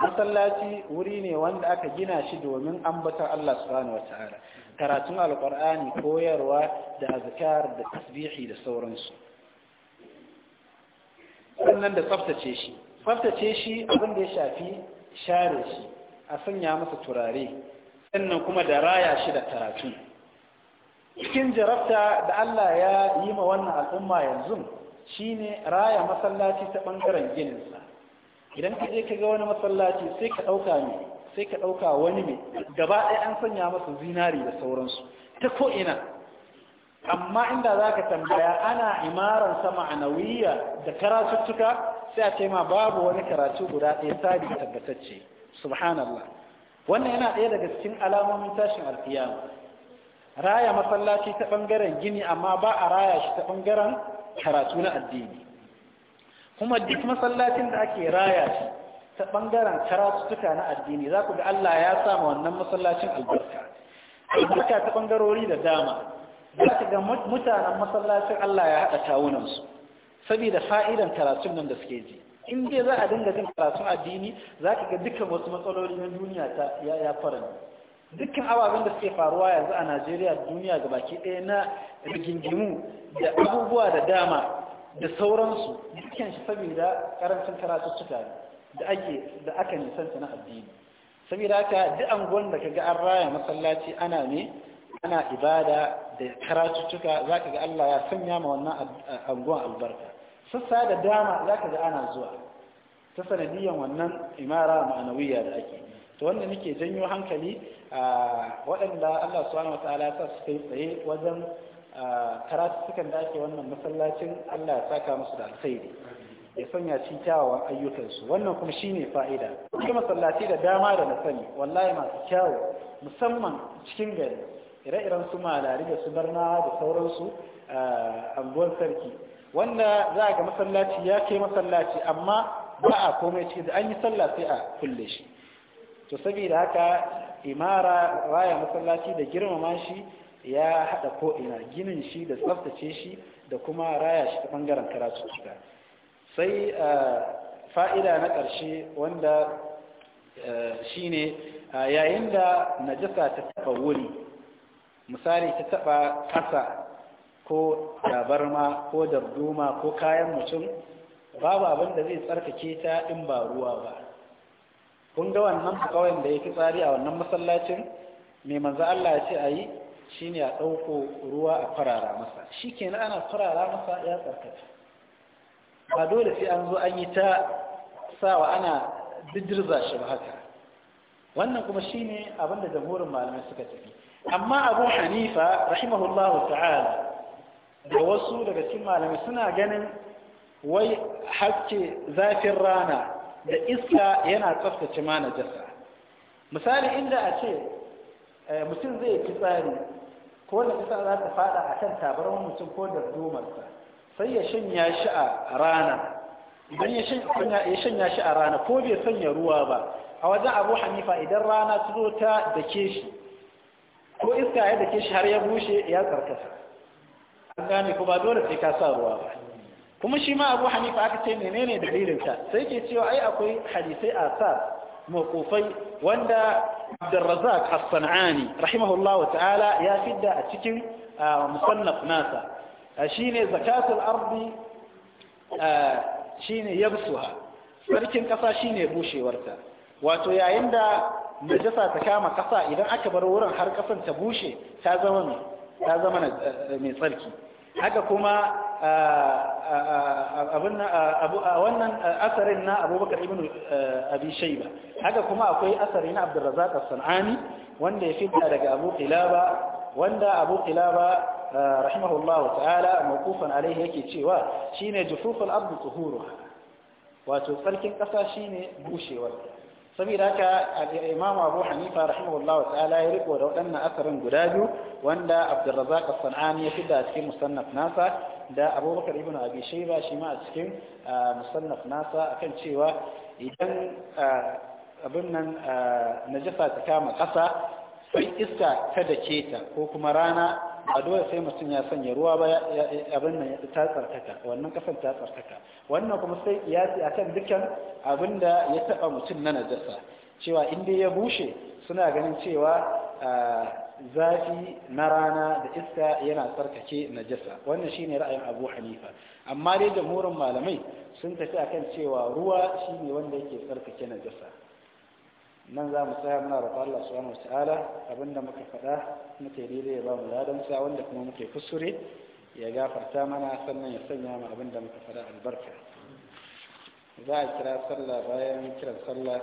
A: masallaci wuri ne wanda aka gina shi domin ambatar Allah subhanahu wataala karatun alqur'ani koyarwa da azkar da tasbihi da sauransu sannan da tsaftace shi tsaftace shi abin da ya shafi share shi a sanya masa turare sannan kuma da raya shi da karatu cikin jarabta da Allah ya yi ma wannan al'umma yanzu shine raya masallaci ta bangaren gininsa idan ka je ka ga wani masallaci sai ka ɗauka ne sai ka dauka wani mai gaba ɗaya an sanya masa zinari da sauransu ta ko'ina amma inda za ka tambaya ana imaran sama a nauyiya da karatuttuka sai a ce ma babu wani karatu guda ɗaya sabi tabbatacce subhanallah wannan yana ɗaya daga cikin alamomin tashin alkiyama raya masallaci ta ɓangaren gini amma ba a raya shi ta ɓangaren karatu na addini kuma duk masallacin da ake raya shi ta ɓangaren tuka na addini za ku ga Allah ya sama wannan masallacin albarka albarka ta ɓangarori da dama za ka ga mutanen masallacin Allah ya haɗa tawunansu, saboda fa'idan karatun nan da suke ji in dai za a dinga jin karatun addini za ka ga dukkan wasu matsaloli na duniya ta ya faranta dukkan ababen da suke faruwa yanzu a najeriya duniya ga baki ɗaya na rigingimu da abubuwa da dama da sauransu dukkan shi saboda karancin cika da ake da aka nisanta na addini saboda haka duk anguwan da kaga an raya masallaci ana ne ana ibada da Za ka ga Allah ya sanya ma wannan anguwan albarka sassa da dama za ka ga ana zuwa ta sanadiyan wannan imara ma'anawiya da ake to wanda nake janyo hankali a waɗanda Allah wa ta'ala ta su kai tsaye wajen karatukan da ake wannan masallacin Allah ya saka musu da alkhairi ya sanya shi kyawawan ayyukansu wannan kuma shi ne fa'ida kuma masallaci da dama da na sani wallahi masu kyawu musamman cikin gari ire-iren su malari da su barna da sauransu a anguwar sarki wanda za ga masallaci ya kai masallaci amma ba a komai ce da an yi sallah sai a kulle shi to saboda haka imara raya masallaci da girmama shi ya hada ko ina ginin shi da tsaftace shi da kuma raya shi ta bangaren karatu sai fa'ida na ƙarshe wanda shine yayin da najasa ta taɓa wuri misali ta taɓa ƙasa ko tabarma ko darduma ko kayan mutum babu abin da zai tsarkake ta in ba ruwa ba kun ga wannan kawai da ya fi tsari a wannan masallacin mai manzo Allah ya ce ayi yi shi ne ruwa a farara masa shi ana farara masa ya tsarkake ba dole sai an zo an yi ta sawa ana bidirza shi ba haka wannan kuma shine ne abin jamhurin malamai suka tafi amma abu hanifa rahimahullahu ta'ala da wasu daga cikin malamai suna ganin wai hakke zafin rana da iska yana tsaftace ma jasa. misali inda a ce eh, mutum zai fi tsari ko da za ta fada a kan tabarwar mutum ko da domarsa sai ya shanya shi a rana idan ya shanya shi a rana ko bai sanya ruwa ba a wajen abu hanifa idan rana ta zo ta dake shi ko iska ya dake shi har ya bushe ya karkasa an gane ko ba dole sai ka sa ruwa ba kuma shi ma abu hanifa aka ce menene ta sai ke cewa ai akwai hadisai asar mawqufai wanda Abdurrazzaq As-San'ani rahimahullahu ta'ala ya fidda a cikin musannaf nasa shine zakatul ardi shine yabsuha sarkin kasa shine bushewarta wato yayin da najasa ta kama kasa idan aka bar wurin har kasan ta bushe ta zama ta zama eh, mai tsarki haka kuma eh, eh, a wannan asarin na abubakar ibn abi shaiba haka kuma akwai asari na abdurrazak as-sanani wanda ya fita daga abu qilaba wanda abu qilaba rahimahullahu ta'ala mawqufan alaihi yake cewa shine jufuful abdu tuhuruha wato tsarkin kasa shine bushewar saboda haka al-imam Abu Hanifa rahimahullah ta'ala ya riko da waɗannan asarin guda biyu wanda Abdurrazzaq as-San'ani ya fida a cikin musannaf nasa da Abubakar ibn Abi Shayba shi ma a cikin musannaf nasa akan cewa idan abin nan najasa ta kama ƙasa sai iska ta dake ta ko kuma rana a dole sai mutum ya sanya ruwa ba abin nan ta tsarkaka wannan kasan ta tsarkaka wannan kuma sai a akan dukkan abin da ya taɓa mutum na najasa cewa inda ya bushe suna ganin cewa zafi na rana da iska yana tsarkake najasa wannan shi ne ra'ayin Abu Hanifa amma dai jamhurin malamai sun tafi akan cewa ruwa shi ne wanda yake tsarkake najasa nan za mu tsaya muna roƙon Allah subhanahu ta'ala abinda muka faɗa muke daidai ya ba mu ladan sa wanda kuma muke kusuri ya gafarta mana sannan ya sanya mu abinda muka faɗa albarka za a kira sallah bayan kiran sallah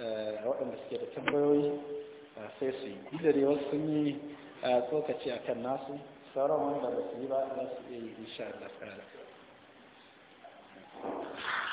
A: a eh, waɗanda suke da tambayoyi eh, sai su yi gudare wasu sun yi eh, tsokaci a kan nasu sauran wanda ba su yi ba za su iya yi insha Allah